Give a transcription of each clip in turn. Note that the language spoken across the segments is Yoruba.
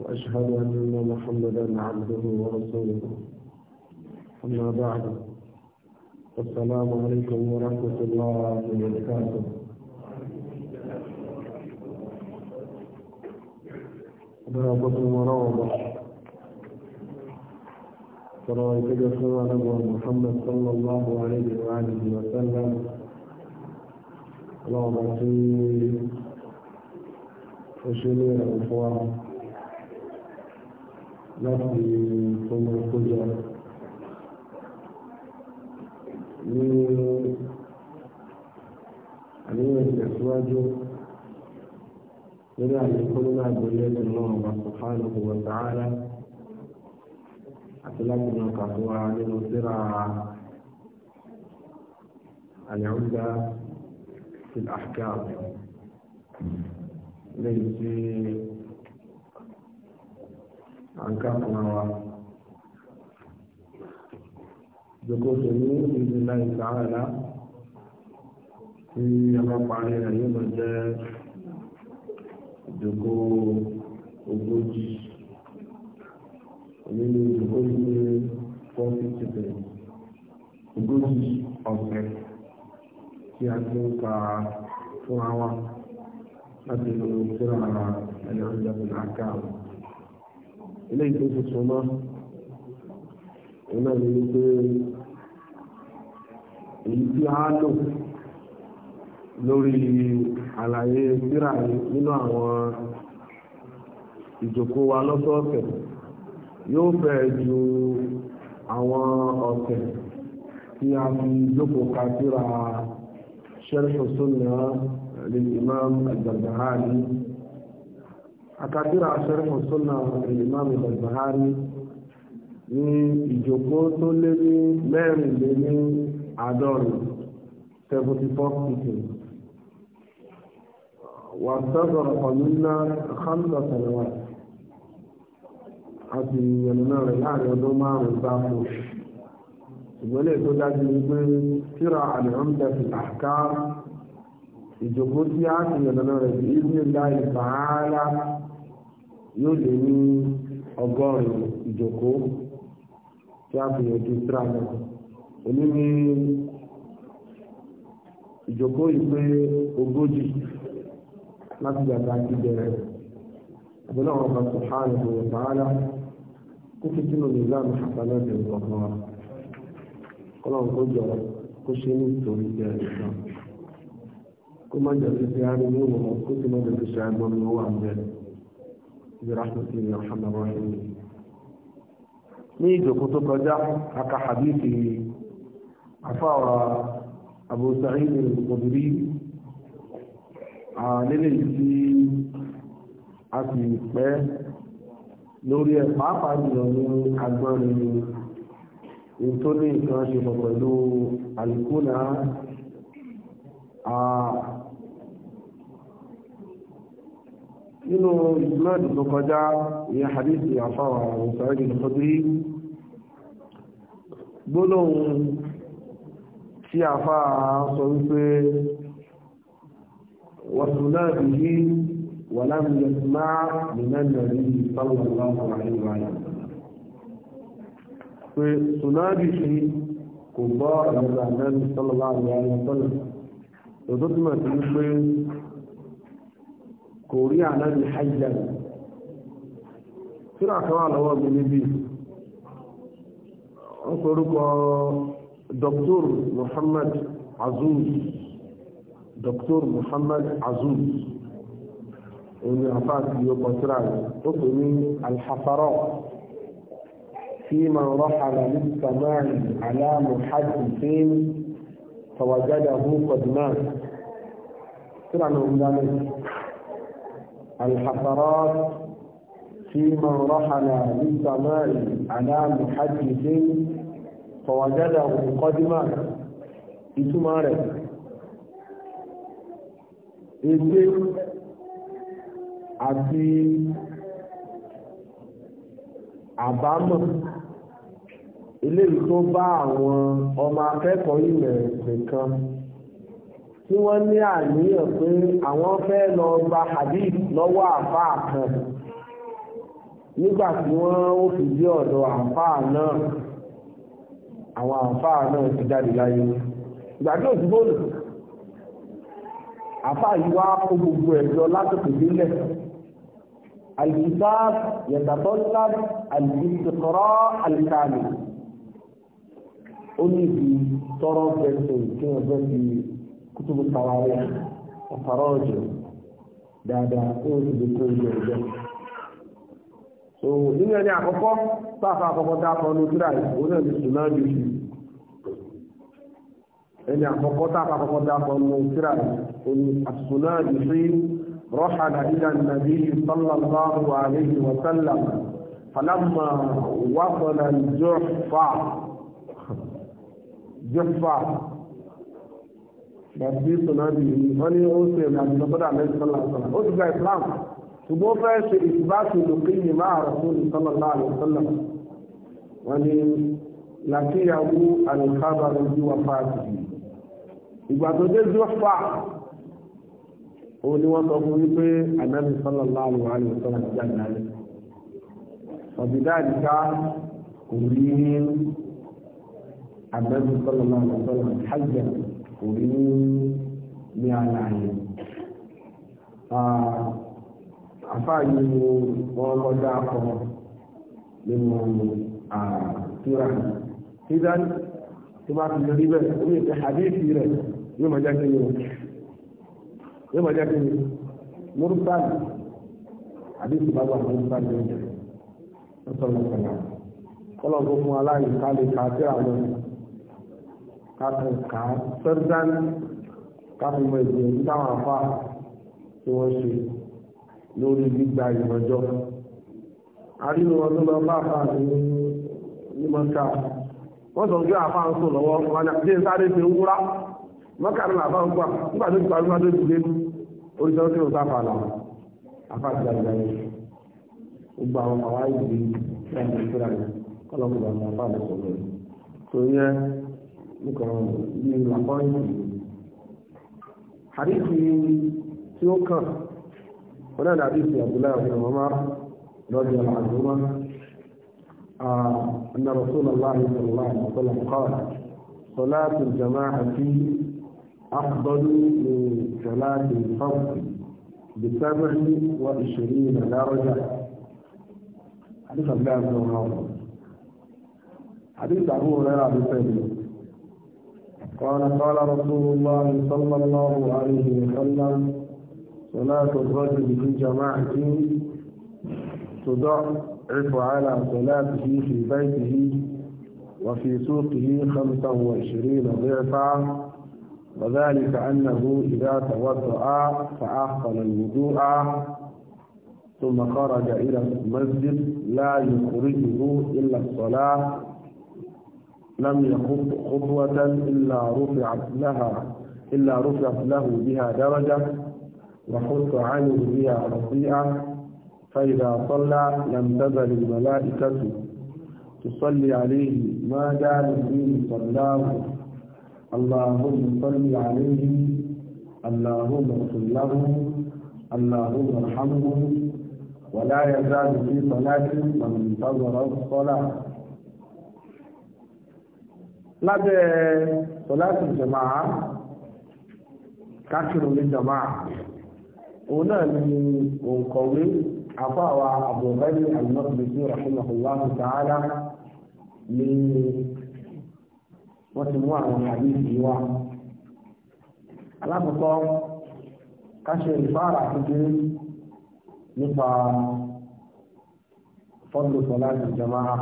وأشهد أن محمدا عبده ورسوله أما بعد السلام عليكم ورحمة الله وبركاته ضربة وروضة ترى كده نبوة محمد صلى الله عليه وآله وسلم اللهم صل وسلم láti ọmọ ìkójọ ní àníyàn ìtẹ̀síwájú nínú àlékún nínú àgbélé ìmọ̀ ọba subhanahu wa ta'ala àti láti mọ kàfúwa nínú síra àlẹ́húdá fil ahkam lẹ́yìn tí àǹkà fún wa jòkó tó ní ìlú láì sàárà tí a bá parí rẹ̀ yóò máa jẹ́ jòkó ogójì èyí ni jòkó ní fọ́ọ̀tì tìpẹ̀ ogójì ọ̀sẹ̀ tí a ti ń ka fún wa láti lo síra ẹ̀yọ́ ìjọba àkáàmù eléyìí tó tuntun mọ́ iná ni wípé èyí tí a lò lórí àlàyé síra nínú àwọn ìjókòó wa lọ́sọ̀ọ̀sẹ̀ yóò fẹ́ ju àwọn ọ̀sẹ̀ tí a fi jókòó ka síra Sharh Sunnah lil Imam al-Barbahari àkàtúrà sẹ́rẹ̀mù sọ́nà ìmáàmù Barbahari ní ìjòkó tó lé ní mẹ́rin lé ní àádọ́rin seventy four sitting wàtẹ́sọ̀rọ̀ ọ̀nìyàn hamsa sàlẹ̀wà àti ìyẹnìmọ́ rẹ̀ láàrin ọdún márùn-ún sáfù ìgbélé tó dájú ní pé tíra àlẹ́hàmdà fi àká ìjòkó tí a ti yẹnìmọ́ rẹ̀ bí ìdílé láì fàálà yóò lé ní ọgọ́rùn-ún ìjókòó tí a fi yanjú síra náà òní ní ìjókòó yìí pé ogójì láti gbàgbà ti bẹ̀rẹ̀ àbúrò àwọn ọba sùhánù kò wọ̀n tààlà kó fi sínú nìlànà àtàlẹ́ ìbẹ̀rẹ̀ ọ̀kan wa kọ́lọ́n kó jọ kó ṣe ní ìtòrí jẹ́ ìtàn kó má jẹ́ fi fi ariwo wọn kó sì má jẹ́ fi ṣe agbọ́n mi wà ń ìrànlọ́sí ìrànlọ́sí ìrànlọ́sí ní ìjòkó tó kọjá aka hadithi afáwà Abu Sa'id al-Khudri àlélè tí a sì pẹ́ lórí ẹ̀ pàápàá jùlọ ní agbọ́nrin tó ní nǹkan ṣe pọ̀ pẹ̀lú àlùkùnà nínú ìsìnmáàdì tó kọjá ìyẹn hadithi àfáwà ìsàrẹ́gì tó kọjú rí gbólóhùn tí àfáà sọ wípé wàsùnà bìí wà láàrin yasmá nìmẹ́nà rí sallallahu alaihi wa kò rí ànábì hajjan tíra kan wà lọ́wọ́ mi níbi wọ́n sorúkọ dr muhammad azuz dr muhammad azuz òní àfáàkì yóò kọ tíra rẹ̀ ó pè ní alhafara fi man rahala lissamai ala muhajjifin fawajadahu qad mat tíra náà ń dáná الحفرات في من رحل للسماء على محدث فوجده قدما ìtumọ̀ rẹ̀ èdè àti àbámọ̀ eléyìí tó bá àwọn ọmọ akẹ́kọ̀ọ́ ilẹ̀ nìkan tí wọ́n ní àníyàn pé àwọn fẹ́ lọ gba hadith lọ́wọ́ àfáà kan nígbà tí wọ́n ó fi dé ọ̀dọ̀ àfáà náà àwọn àfáà náà ti jáde láyé ìgbà tí òsì bóòlù àfáà yìí wá kó gbogbo ẹ̀ lásìkò délẹ̀ الكتاب يتطلب الاستقراء الكامل ó ní ibi tọrọ fẹsẹ̀ tí wọ́n fẹ́ kutubu tawaria ọ̀fàrọ́ọ̀jù dáadáa ó ti di tó ilé ẹjọ́ so nínú ẹni àkọ́kọ́ sáfà àkọ́kọ́ dákọ̀ ní tíra ìwọ́n náà ti sùn náà jù sí ẹni àkọ́kọ́ sáfà àkọ́kọ́ dákọ̀ ní tíra ìwọ́n àsùn náà jù sí رحل إلى النبي صلى الله عليه وسلم فلما وصل الجحفة bàbí sọ̀nàbì wọ́n ní ó ṣe ìrìn àjò lọ́sọ́dọ̀ àlẹ́sì sọ́lá sọ́lá ó ti gba islam ṣùgbọ́n ó fẹ́ ṣe ìfibáṣe lòkìyì máa rọ̀tún ní sọ́lá láàrin sọ́lá wọ́n ní làkíyàwó àlùkábà ló bí wà fáàtì ìgbà tó dé bí wọ́n fà òun ni wọ́n sọ fún mi pé ànábì sọ́lá láàrin àlè sọ́lá ti jáde lálẹ́ ọ̀bìdá àdìgá kò rí ànábì sọ́lá láàrin sọ́lá kò rí ní ara yẹn. àfáà yìí ni wọ́n kọ́ dá kọ́ nínú àtúrà nígbà tó bá ti rí bẹ́ẹ̀ ó lè fẹ́ àdéhìí rẹ̀ yóò máa jáde ní o yóò máa jáde ní murtal àdéhìí bá wà murtal ní ọjọ́ ìsọ̀rọ̀ ìsọ̀rọ̀ kọ́lọ́ gbogbo aláìsá lè ka sí àwọn ọ̀sán kákan kà á sọ́dán kákan mọ ìgbìyànjú táwọn afá tí wọ́n ṣe lórí gbígba ìmọ̀jọ́. àrínú wọn tó lọ bá afá mi ní mọ́ká wọ́n sọ pé afá ń sùn lọ́wọ́ wọn àti ẹ̀ sáré ṣe ń wúrà mọ́kàrin làbá ń gbà nígbà tó ti parí wọn tó ti dé oríṣiríṣi tí ó sáfà làwọn afá ti dàgbà yìí gbogbo àwọn àwọn àìsí láti ìṣúra yìí kọ́lọ́mù làwọn afá mi sọ̀rọ̀ yìí nìkan ní làkọ́rìtì àdìsí tí ó kàn wọn náà dàbí ìsìn àbúlá أن رسول الله صلى الله عليه وسلم قال صلاة الجماعة أفضل من صلاة الفرد بسبع وعشرين درجة حديث عبد الله بن عمر حديث أبو هريرة بن سيدنا قال قال رسول الله صلى الله عليه وسلم صلاة الرجل في جماعة تضعف على صلاته في بيته وفي سوقه خمسة وعشرين ضعفا وذلك أنه إذا توضأ فأحسن الوضوء ثم خرج إلى المسجد لا يخرجه إلا الصلاة لم يخط خطوة إلا رفعت لها إلا رفعت له بها درجة وحط عنه بها رفيعة فإذا صلى لم تزل الملائكة تصلي عليه ما دام فيه صلاه اللهم صل عليه اللهم اغفر له اللهم ارحمه ولا يزال في صلاة من انتظر الصلاه lábẹ́ sọ̀láṣì jàmáà kákìrò ní jàmáà òun náà ni òǹkọ̀wé àfáàwà àbùrẹ́lì àlùmọ́sílẹ̀sí rahimahullahu ta'ala ni wọ́n ti mú àwọn àdéhùn wa alákọ̀ọ́kọ́ káṣe ìfáàrà kékeré nípa fọ́dù sọ̀láṣì jàmáà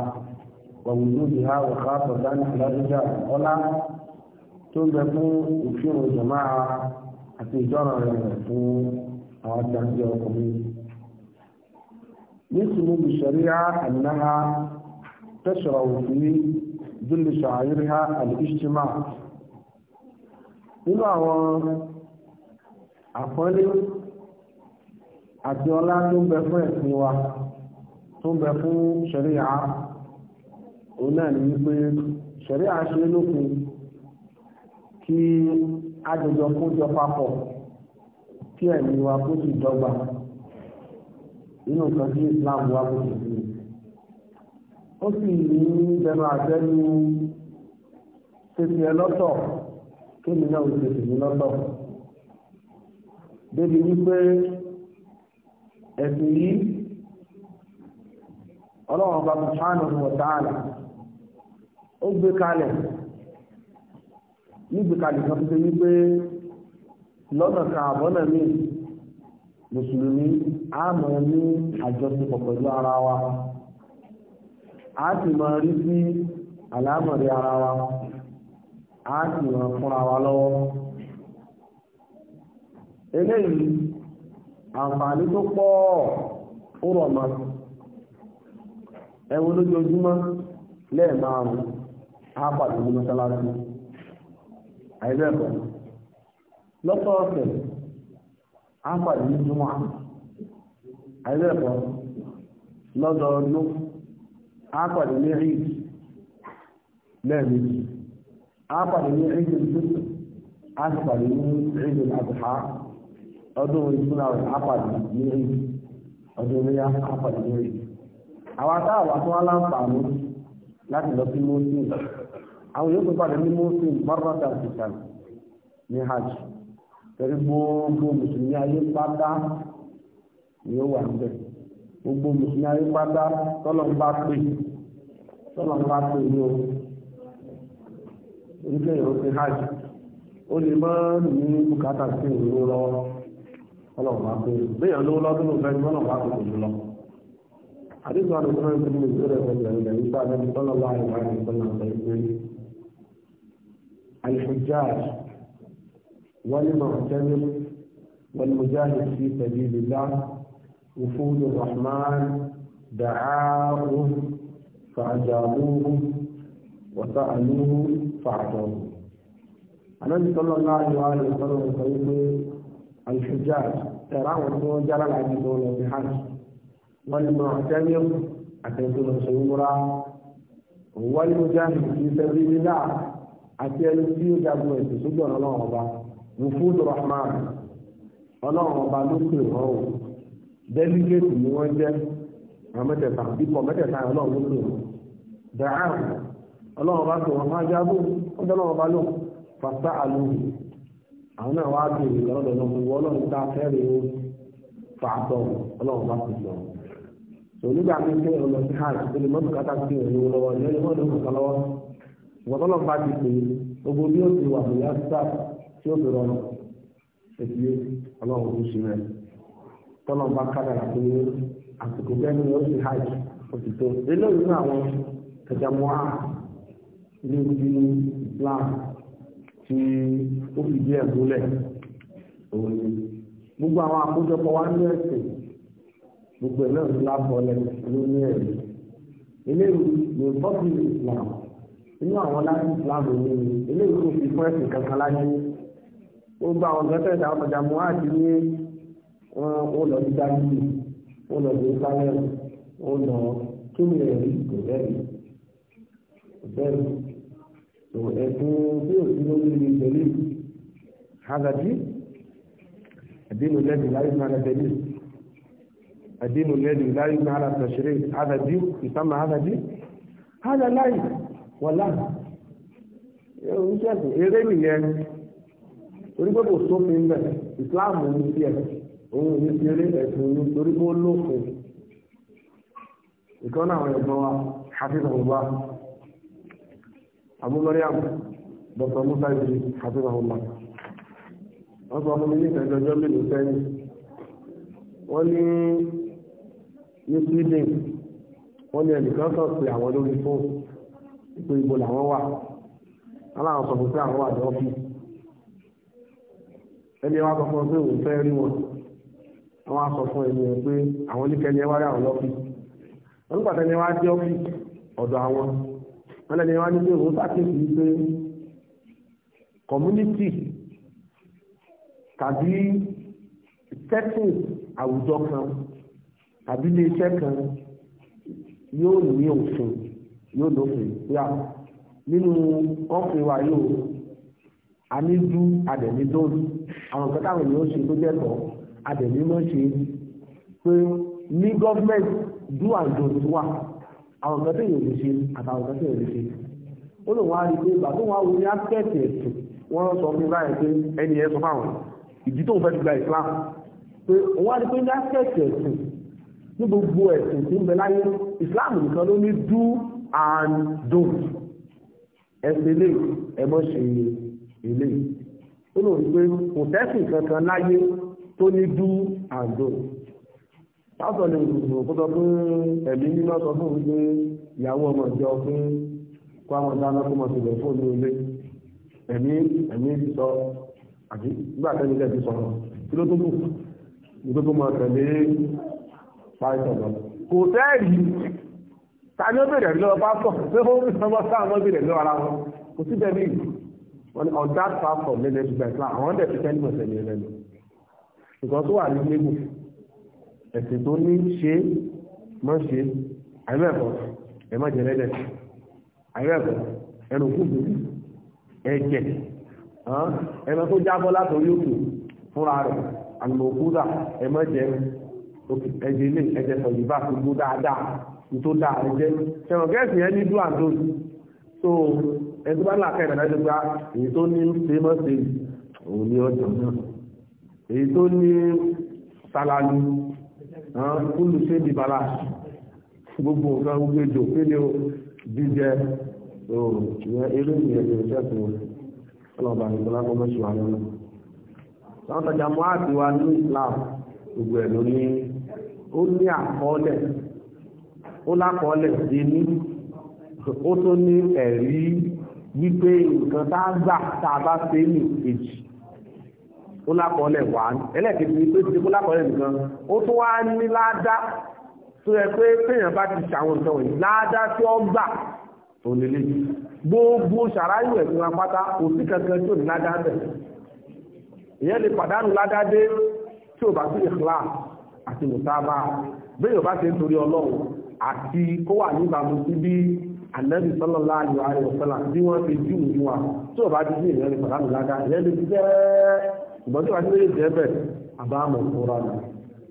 ووجودها وخاصة على الرجال ولا تنبقوا يكفروا جماعة àti ìjọ́ra rẹ̀ fún àwọn tí a jẹ́ ọkùnrin. Nísìnyí bí ṣàríà ànáha tẹ́ṣọ̀rọ̀ òfin dúlé ṣàárírí ha àlìkíṣtímà. Nínú àwọn àpọ́nlé àti ọlá tó ń bẹ fún ẹ̀sìn wa tó ń bẹ fún ṣàríà òun náà ni wípé ṣẹ̀rí àṣẹ lópin kí àjọjọ jọ papọ̀ kí ẹ̀mí wa kó sì dọ́gba nínú nǹkan tí Islam wa kò sì sí ó sì ní bẹnu àtẹnu tètè ẹ lọ́tọ̀ kémi náà ó tètè mí lọ́tọ̀ débi wípé ẹ̀sìn yìí ó gbé kalẹ̀ nígbè kalẹ̀ kan tó ṣe wípé lọ́nà kan àbọ́nà míì mùsùlùmí á máa ní àjọṣepọ̀ pẹ̀lú ara wa a sì máa rí sí àlámọ̀rí ara wa á sì máa fúnra wa lọ́wọ́ eléyìí àǹfààní tó pọ̀ ó rọ̀ mọ́ ẹ̀wọ̀n lójoojúmọ́ á pàdé ní mọ́sálásí àìbẹ́ẹ̀kọ́ lọ́sọ̀ọ̀sẹ̀ á pàdé ní jùmọ̀ àìbẹ́ẹ̀kọ́ lọ́dọọdún á pàdé ní rí lẹ́ẹ̀mejì á pàdé ní rí sì rí ọdún rí ọdún rí àwọn láti lọ sí àwọn yóò tó padà ní mọ́sùn mọ́rọ́dà ìsìkà ní hajj torí gbogbo mùsùlùmí ayé pátá ni ó wà níbẹ̀ gbogbo mùsùlùmí ayé pátá tọ́lọ̀ ń bá pè tọ́lọ̀ ń bá pè ní o oníkẹ́ ìrọ̀ sí hajj ó lè má ní bùkátà sí ìlú lọ ọlọ́run bá pè béèyàn lówó lọ́dún ló fẹ́ ní ọlọ́run bá pè lò lọ. àdéhùn àdéhùn náà ti mú ìṣòro ẹ̀fọ́ ìgbà ìgbà yìí sáà lẹ́nu tọ́lọ̀ láàrin láàrin tọ́lọ̀ àgbà ìgbà yìí الحجاج والمعتمر والمجاهد في سبيل الله وفود الرحمن دعاهم فأجابوهم وسألوه فأعطوه النبي صلى الله عليه وسلم يقول الحجاج ترى وجرى العجزون بحج والمعتمر أتيت الخيمرة والمجاهد في سبيل الله àti ẹni tí ó jagun ẹ̀sìn sójú ọ̀nà ọlọ́run ọba wùfúdù rahman ọlọ́run ọba ló pè wọ́n o dẹ́lígẹ́tì ni wọ́n jẹ́ àwọn mẹ́tẹ̀ẹ̀ta ikọ̀ ọlọ́run ló pè wọ́n dàá ọlọ́run ọba pè wọ́n wọ́n jẹ́ ọlọ́run ọba fàtà àwọn náà wàá bèrè lọ́dọ̀ náà ọlọ́run ta fẹ́rẹ̀ o fàtọ̀ ọlọ́run ọba ìwọ́tọ́lọ́ bá ti pè gbogbo bí ó ti wà bóyá sá tí ó fi rọrùn ètùlé ọlọ́run tó ṣe rẹ̀ tọ́lọ́ bá kádàrà pé àsìkò bẹ́ẹ̀ ni ó ti hajj òtítọ́ eléyìí ní àwọn tẹ̀tẹ̀mọ́á ilé ti Islam tí ó fi díẹ̀ múlẹ̀ òun ni gbogbo àwọn àkójọpọ̀ wa ní ẹ̀sìn gbogbo ẹ̀ náà ńlá bọ́lẹ̀ ló ní ẹ̀rí eléyìí ní bọ́ọ̀lù Islam inú àwọn láti ìsìláàmù ní eléyìí kò fi fún ẹ̀sìn kankan láyé ó gba àwọn ọ̀gá tẹ̀sán àwọn ọ̀jà mú àti ní wọn lọ sí dájú wọn lọ sí sáré wọn lọ kí ni ẹ̀rí kò bẹ́ẹ̀ kò bẹ́ẹ̀ tó ẹ̀sìn tí ò sí lórí ilé ìgbẹ́lẹ̀ hazard الدين الذي لا يبنى على دليل الدين الذي لا يبنى على تشريع هذا الدين يسمى هذا الدين هذا لا wọ́lá oníṣẹ́sìn eré nìyẹn onígbò kò sófin bẹ̀ ìsìláàmù ní tiẹ̀ òun ò ní ti eré ẹ̀sìn ní torí kó lófin ìkan náà àwọn ẹ̀gbọ́n wa hafiz ọ̀gbà abúmọ́ríàmù dr musa ibi hafiz ọ̀gbà wọ́n sọ fún mi ní ìtẹ̀jọ́jọ́ mélòó sẹ́yìn wọ́n ní ní sweden wọ́n ní ẹnìkan sọ̀tì àwọn lórí fóònù pé ibo làwọn wà aláwọn sọ fún pé àwọn wà ní ọ́fíìsì ẹni wá sọ fún ọ pé òun fẹ́ rí wọn àwọn á sọ fún ẹni ẹ pé àwọn oníkẹ́ni ẹ wá rí àwọn lọ́fíìsì wọn nígbà tẹ́ni wá dé ọ́fíìsì ọ̀dọ̀ àwọn wọn lẹ́ni wá ní pé òun ṣàkíyèsí wípé community tàbí setting àwùjọ kan tàbí iléeṣẹ́ kan yóò ní òfin yóò lófin yá nínú ọkùnrin wa yóò amídú àdẹ̀mí dóòlù àwọn nǹkan táwọn ènìyàn ṣe tó jẹ́tọ̀ àdẹ̀mí mọ́ ṣe pé ní gọ́fíńmẹ̀ntì do and don't wà àwọn nǹkan tó yẹ lè ṣe àtàwọn nǹkan tó yẹ lè ṣe ó lóun wá rí i pé ìgbà tó wà wọ ní ápẹ́ẹ̀tì ẹ̀sìn wọ́n sọ fún báyìí pé ẹni ẹ sọ fáwọn ìdí tó ń fẹ́ ti gba Islam pé òun wá rí i pé ní ápẹ́ẹ̀tì ẹ̀sìn ní gbogbo ẹ̀sìn tí ń bẹ láyé Islam nìkan ló ní dú and don't ẹsẹ̀ lè ẹmọ́ ṣe ilé ó lò wípé kò tẹ́sìn kankan láyé tó ní do and don't pásọ̀ lè rò kó sọ fún ẹ̀mí mímọ́ sọ fún wípé ìyàwó ọmọ ìjọ fún kó àwọn dáná kó mọ̀ sílẹ̀ fún ní ilé ẹ̀mí ẹ̀mí ti sọ àbí nígbà tẹ́lẹ̀ tẹ́lẹ̀ ti sọ̀rọ̀ kí ló tó kù nígbà tó mọ̀ tẹ̀lé pàṣẹ lọ kò tẹ́ẹ̀rí tàbí ó bèrè lọ́wọ́ pásọ̀ pé ó ń sọ́gbọ́ sáàmọ́ bèrè lọ́wọ́ ara wọn kò sí bẹ́ẹ̀ bíi wọn ni on that platform lẹ́nu ẹ̀sùn bẹ́ẹ̀ plan àwọn ọ̀dẹ̀ fífẹ́ nímọ̀ sẹ́ni ẹlẹ́nu nǹkan tó wà ní lébù ẹ̀sìn tó ní ṣe mọ́ ṣe àìmẹ́ẹ̀kọ́ ẹ̀mọ́ jẹ̀lẹ́dẹ̀ àìmẹ́ẹ̀kọ́ ẹnu kúndù ẹ̀jẹ̀ ẹ̀mọ́ tó jábọ́ látòrí òkè fúnra rẹ̀ àlùmọ̀kúdà ẹ̀mọ́ jẹ ẹ̀jẹ̀ ilé ẹ̀jẹ̀ sọ̀yìnbá gbogbo dáadáa tó dáa rẹ jẹ́ ṣẹ̀wọ̀n gẹ́ẹ̀sì yẹn ní do and don't so ẹni tó bá là kẹ́ ìdàdájọ́ gba èyí tó ní famous stage òun ni ọjọ́ náà èyí tó ní salami olùṣe bìbàlà gbogbo nǹkan gbogbo èdò pélé o jíjẹ eré ìyẹn ìrẹsẹ̀sìn ọlọ́ọ̀bà nìkan lápò mọ́ṣù wa lọ́nà àwọn tajà mọ́ àti wa ní Islam gbogbo ẹ̀ ló ó ní àkọọ́lẹ̀ ó lákọọ́lẹ̀ sí ní ó tó ní ẹ̀rí wípé nǹkan tá gbà tá a bá ṣe ní èjì ó lákọọ́lẹ̀ wà ní ẹlẹ́ẹ̀kejì ni pé ti kó lákọọ́lẹ̀ nìkan ó tó wá ní ládá tó yẹ pé téèyàn bá ti ṣàwọn nǹkan wọ̀nyí ládá tí ó gbà tó nílé gbogbo ṣàráyù ẹ̀sìn wa pátá kò sí kankan tí ò ní ládá bẹ̀ ìyẹn lè pàdánù ládá dé tí ò bá sí ìhlà àti mùsábà bẹ́ẹ̀ ò bá ṣe ń torí ọlọ́run àti kó wà níbàámu sí bí ànábì sọ́lọ́lá ayọ̀ ayọ̀ sọ́lá bí wọ́n ti jù ú wa tí ò bá ti jù ìrẹ́lẹ̀ pàdánù lága ìrẹ́lẹ̀ ti jẹ́ ìgbọ́n tí wàá ti lè jẹ́ bẹ̀ àbámu ìfura nù.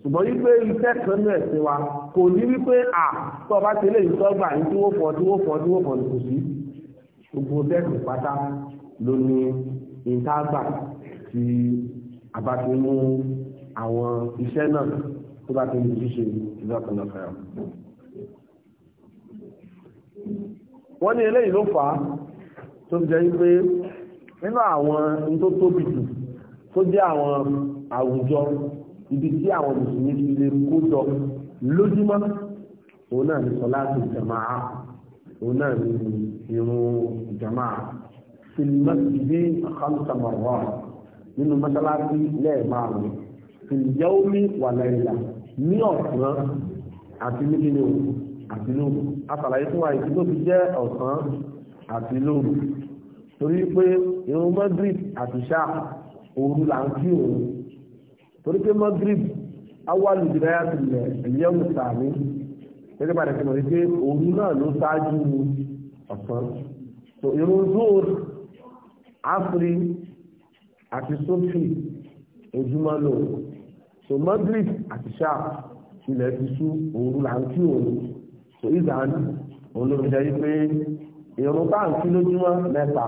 ṣùgbọ́n wípé iṣẹ́ kan náà ẹ̀sìn wa kò ní wípé à tó ọba ti lè ń sọ́gbà ní tí wọ́n fọ́ tí wọ́n fọ́ tí wọ́n fọ́ ní kò sí. gbogbo dẹ́kun pátá ló ní ìtagbà tí a bá ti mú àwọn iṣẹ́ náà tó bá ti ń ṣiṣẹ́ ìlú ọ̀kan náà fẹ́ràn. wọ́n ní eléyìí ló fà á tó jẹ́ wípé nínú àwọn ní tó tóbi jù tó jẹ́ àwọn àwùjọ ibi tí àwọn mùsùlùmí ti lè kó jọ lójúmọ́ òun náà ní sọláàtì jàmáà òun náà ní irun jàmáà fìlímọ́sìdì khamsa marrat nínú mọ́sálásí lẹ́ẹ̀márùn-ún fìlíyàwó mi wà láìla ní ọ̀sán àti nígbìnnì òkú àti lóru àtàlàyé fún wa ìdí tó fi jẹ́ ọ̀sán àti lóru torí pé irun Magrib àti ṣá òru là ń kí òru torí pé Magrib awálù ìdíráyà tilẹ̀ ìyẹ́wò sàmì gẹ́gẹ́ bá dẹ̀kẹ́ mọ̀ wípé òru náà ló ṣáájú ọ̀sán so irun zoor afri àti sofi ojúmọ́ lò so Madrid àti ṣá ilẹ̀ ti sú òru là ń kí òru so ìzàn òun ló fi jẹ́ wípé ìrún táǹkì lójúmọ́ mẹ́ta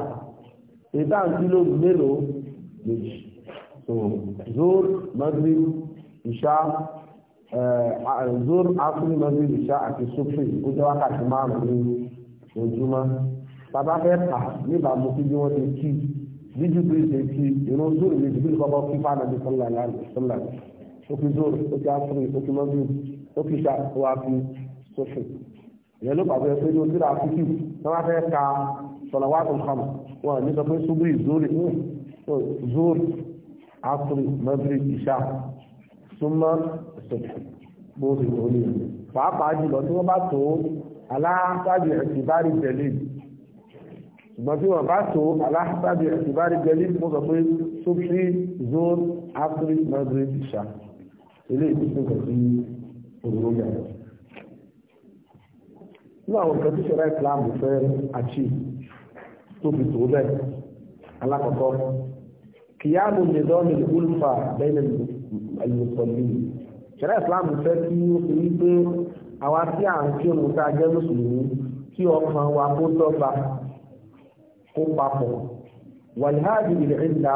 èyí táǹkì lóògùn mélòó méjì so zor madrid ìṣá zor asúlù madrid ìṣá àti sófin ó jẹ́ wákàtí márùn-ún ní ojúmọ́ bàbá fẹ́ kà níbàámu sí bí wọ́n ti kí bíjú bí ṣe kí ìrún zor méjì bí kọ́kọ́ kí fáànàbí sọ́lá ní àlè sọ́lá ó fi zor ó fi asúlù ó fi madrid ó fi ìṣá ó wá fi sófè ìyẹn ló pàṣẹ pé ní ojúlá fífi tí wọ́n fẹ́ ka sọ̀làwá tó kàn wọ́n ní sọ pé ṣubú ìzórí zórí asiri mẹ́bírí ìṣá súnmọ́ sófè bó ti tó ní pàápàá jùlọ tí wọ́n bá tó aláàtàbí ẹ̀sìbárì tẹ̀lé ṣùgbọ́n tí wọ́n bá tó aláàtàbí ẹ̀sìbárì tẹ̀lé mo sọ pé sófè zórí asiri mẹ́bírí ìṣá ilé ìdíje kò sí òwúrọ̀ yàrá ní àwọn nǹkan tí ṣẹlẹ̀ Islam fẹ́ àti tóbi tó bẹ́ẹ̀ alákọ̀ọ́kọ́ kìyàmù nìdọ́mì ulfa bẹ́ẹ̀ alùsọ̀lì ṣẹlẹ̀ Islam fẹ́ kí ó fi wí pé àwa tí à ń kí òun tá a jẹ́ mùsùlùmí kí ọkàn wa kó dọ́gba kó papọ̀ wàlíhàdì ìlẹ̀ẹ́dà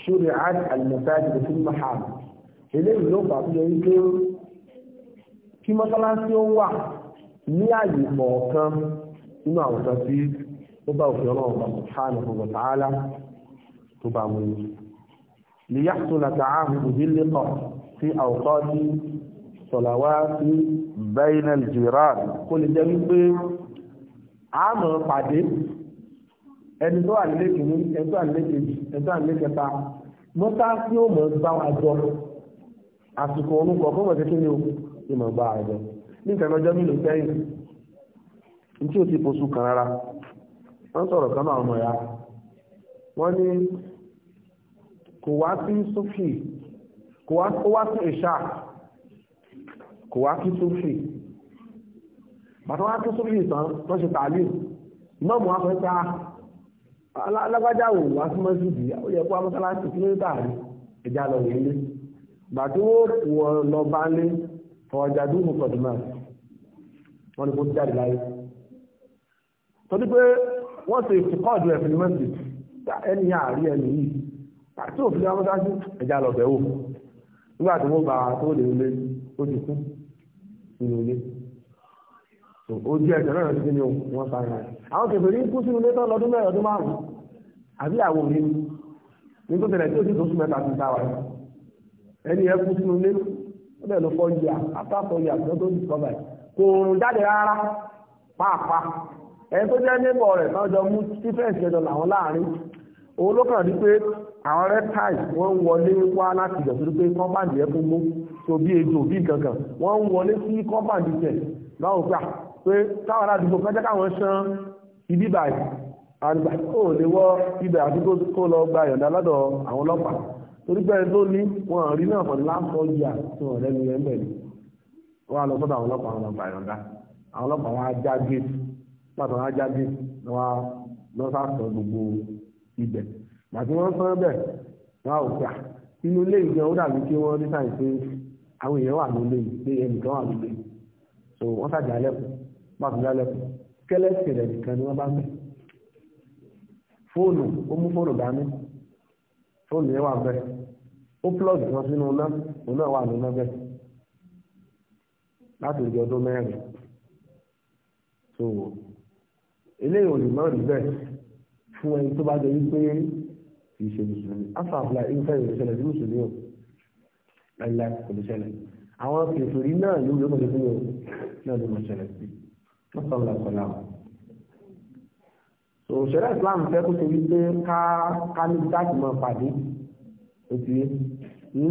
ṣúrì àd àlùmọ̀sáàjì fún mahad eléyìí ló fà á fi yẹ wí kí mọ́sálásí ó wà ní àyè kọ̀ọ̀kan nínú àwọn kan tí ó bá òfin ọlọ́run bá subhanahu wa ta'ala tó bá mú ní lè yàtò láta ààrùn ìdílé kan sí àwùkọ́ ní sọ̀làwá sí bainal jiran kó lè jẹ́ wípé àmọ́ pàdé ẹni tó wà nílé kìíní ẹni nílé kejì ẹni nílé kẹta mọ́tá tí ó mọ̀ bá wa àsìkò orúkọ fún mọ̀tẹ́kí ni ó ti mọ̀ bá wa ní ìtàn ọjọ́ mélòó sẹ́yìn ní tí ó ti fosù kan rárá wọ́n sọ̀rọ̀ kan náà ọmọ ya wọ́n ní kò wá sí súfì kò wá sí ìṣà kò wá sí súfì bàtà wá sí súfì tán tó ṣe tààlì ìmọ̀mù wá sọ pé ah, alágbájá ò wá sí mọ́sídì ó yẹ kó amọ́sálásì kí ló ń tààrí ẹja lọ rèé bàtà ó lọ bá lé fọ̀ọ́jà dúró pọ̀dùmáà wọ́n ní kó jáde láyé torí pé wọ́n ṣe ìfìkọ́ọ̀dù ẹ̀fìn mẹ́sì ẹni àárí ẹni yìí àti òfin amọ́sájú ẹ̀já lọ bẹ̀wò nígbà tí wọ́n bá tó lè lé ó ti kú nínú ilé ojú ẹ̀sẹ̀ náà ti ní wọ́n sáré rẹ̀ àwọn kẹfẹ́ ní kú sínú ilé tán lọ́dún mẹ́rin ọdún márùn-ún àbí àwọn òní ní tó tẹ̀lẹ̀ tí ó sì tó sún mẹ́ta ti ta wáyé ẹni ẹ kú sínú ilé ó dẹ̀ lọ fọ́ yà àtàkọ́ yà tó kò rùn jáde rárá pàápàá ẹni tó jẹ́ níbọ̀ rẹ̀ náà jọ mú tífẹ̀sì ẹjọ́ làwọn láàrin òun ló kàn rí pé àwọn reptiles wọ́n ń wọlé wá láti ìjọ tó pé kọ́mpáǹdì ẹ̀ fún mú tó bí ejò bí kankan wọ́n ń wọlé sí kọ́mpáǹdì tẹ̀ láwọn pé pé táwọn àdúgbò kan jẹ́ káwọn san ibi báyìí àgbà ó lè wọ ibẹ̀ àti kó lọ gba ìyọ̀ǹda lọ́dọ̀ àwọn ọlọ́pàá torí pé ẹni tó ní wọn rí náà pọ̀ láǹfọ̀ọ́ yà tí wọn rẹ́ wọ́n á lọ sọ́dọ̀ àwọn ọlọ́pàá wọn ọgbà ìrọ̀dá àwọn ọlọ́pàá wọn ajá géètì pàtó wọn ajá géètì ni wọ́n lọ sàtọ̀ gbogbo ibẹ̀ màtí wọ́n sọ bẹ́ẹ̀ wọ́n á ò gbà inú ilé ìjọ ó dàbí kí wọ́n dísà pé àwọn èèyàn wà lólè pé ẹnìkan wà lólè so wọ́n sàjà lẹ́kùn pàtó lálẹ́kùn kẹ́lẹ́sìrẹ̀ nìkan ni wọ́n bá mẹ́ fóònù ó mú fóònù dání fóònù yẹn wà bẹ́ẹ̀ ó plọ́ọ̀gì kan sínú iná láti ìjọ ọdún mẹ́rin so eléyìí olùmọ̀ rí bẹ́ẹ̀ fún ẹni tó bá jẹ wípé kì í ṣe mùsùlùmí afa àbúlà irúfẹ́ ìròyìn ṣẹlẹ̀ sí mùsùlùmí o láìláì kò lè ṣẹlẹ̀ àwọn kìfìrí náà ló yóò lè fún yóò náà ló máa ṣẹlẹ̀ sí wọ́n sọ ọ́nà ọ̀sán náà. so ṣẹlẹ̀ Islam fẹ́ kó ṣe wípé ká ká ní dáàbò máa pàdé òtún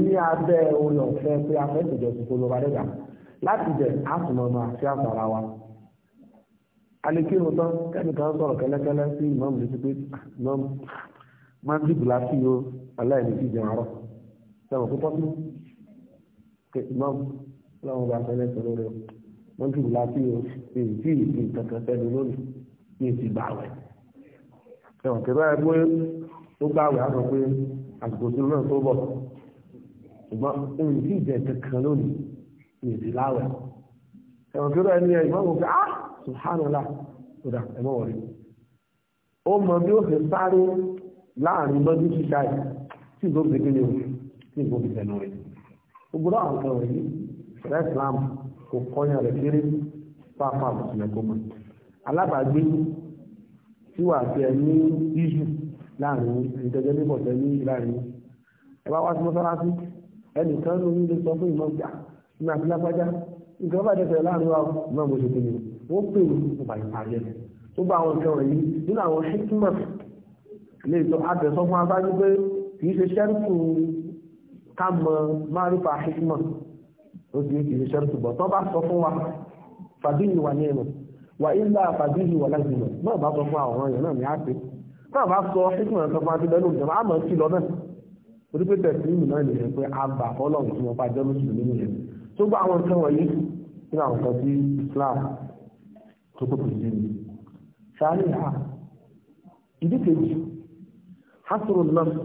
ní abẹ́ orin ọ̀fẹ́ pé afẹ́sẹ̀jọsìn kó lọ́ba dẹ́gbàá láti bẹ̀ á tún mọ̀ máa fi àfàrà wa alekirun tán kẹ́nìkan sọ̀rọ̀ kẹ́lẹ́kẹ́lẹ́ sí ìmọ̀mù létí pé ìmọ̀mù máa ń dìbò láti yọ aláìní sí ìjẹun àárọ̀ sẹ́wọ̀n kó tọ́sí pé ìmọ̀mù láwọn bá fẹ́ lẹ́sẹ̀ lórí ọ wọ́n dìbò láti yọ èyí tí ìpín kankan fẹ́ lórí lónìí ní èsì gbààwẹ̀ sẹ́wọ̀n kẹ́ báyìí pé ó gbààwẹ̀ á sọ pé àsìkò sínú náà tó bọ̀ ṣùgbọ́n èyí tí ìjẹ ní ìdí láwẹ̀ ẹ̀wọ̀n kí ó rẹ̀ ní ẹ̀ ìmọ̀ òfin ah subhanallah kódà ẹ̀mọ́ wọ̀rí ó mọ bí ó fi sáré láàrin lọ́jú ṣíṣá yìí tí ìgbó fi kí ni o tí ìgbó fi tẹnu rẹ̀ gbogbo àwọn kan rẹ̀ yìí ṣẹlẹ̀ Islam kò kọ́yàn rẹ̀ kéré fáfá àbùsùn ẹ̀kọ́ mọ́ alábàágbé tí wàá fi ẹ̀ ní iṣu láàrin ìjọjọ́ níbọ̀ tẹ́ ní láàrin ẹ bá wá sí mọ́sálásí ẹnìkan ló ń lè sọ fún ìmọ̀ gbà ní àti lápájá nǹkan bá dẹ̀sẹ̀ láàrin wa náà mo ṣe tèmi wọ́n pè ní ìpà ìpàdé tó bá àwọn nǹkan wọ̀nyí nínú àwọn hikmat lè tọ́ àtẹ̀sọ́ fún abájú pé kì í ṣe ṣẹ́rìtù ká mọ márífà hikmat ó sì kì í ṣe ṣẹ́rìtù bọ̀ tó bá sọ fún wa fàbíyì wà ní ẹ̀mọ̀ wà ilá fàbíyì wà láti mọ̀ náà bá sọ fún àwọn èèyàn náà ní àpè náà bá sọ hikmat kan fún abílẹ̀ lóòjọ́ àmọ́ sí lọ náà orí pé tẹ̀sí ìmù náà nìyẹn pé àgbà fọlọ́ọ̀ tí wọ́n bá jẹ́ lóṣù nínú yẹn tó gba àwọn nǹkan wọ̀nyí nínú àwọn nǹkan tí Islam tó kó pèsè ní sáré ha ìdí kejì hasru nafs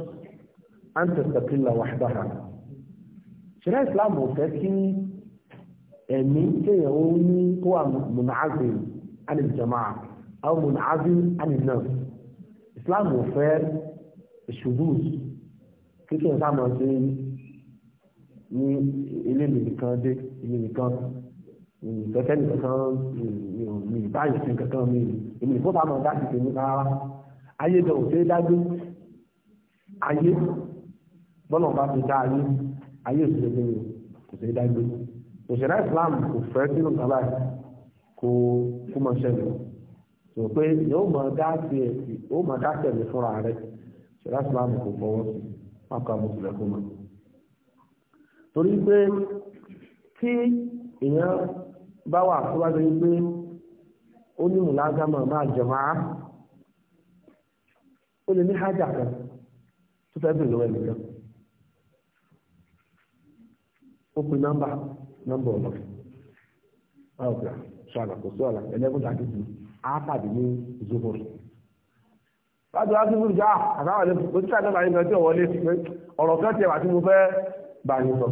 an tastaqilla wahdaha ṣẹlẹ̀ Islam ò fẹ́ kí ẹ̀mí kéèyàn ó ní kó wà munazil anil jama'a aw munazil anil nafs Islam ò fẹ́ ṣubú kéèyàn sáà máa ṣe ní ilé mi nìkan dé ilé nìkan kẹ̀kẹ́ nìkan mi báyìí sí kankan mi èmi nìkan bá máa dájú tèmi rárá ayé gan ò ṣe é dájú ayé bọ́lá ọba ti dá ayé ayé ò ṣe é dájú kò ṣe é dájú òṣèré Islam kò fẹ́ sínú kàlá kó kó máa ṣẹlẹ̀ sọ pé yóò máa dá sí ẹ̀ yóò máa dá sí ẹ̀mí fúnra rẹ̀ òṣèré Islam kò fọwọ́ sí pápá mùsùlùmí kó máa torí pé tí èèyàn bá wà tó bá rí pé ó ní mùlágámà máa jọmọ́ á ó lè ní hájà kan tó fẹ́ bèrè lọ́wọ́ ẹnìkan ó pe nọ́mbà nọ́mbà ọ̀nà ọ̀gá ṣàlà kò sí ọ̀la ẹlẹ́gùn tàbí ju ápàdé ní zohor láti wá sí fúlùjá àtàwọn ẹlẹ́gùn tó ti ṣàdébàá yìí kan tí ò ọ̀rọ̀ kan tiẹ̀ wà tí mo fẹ́ bá yín sọ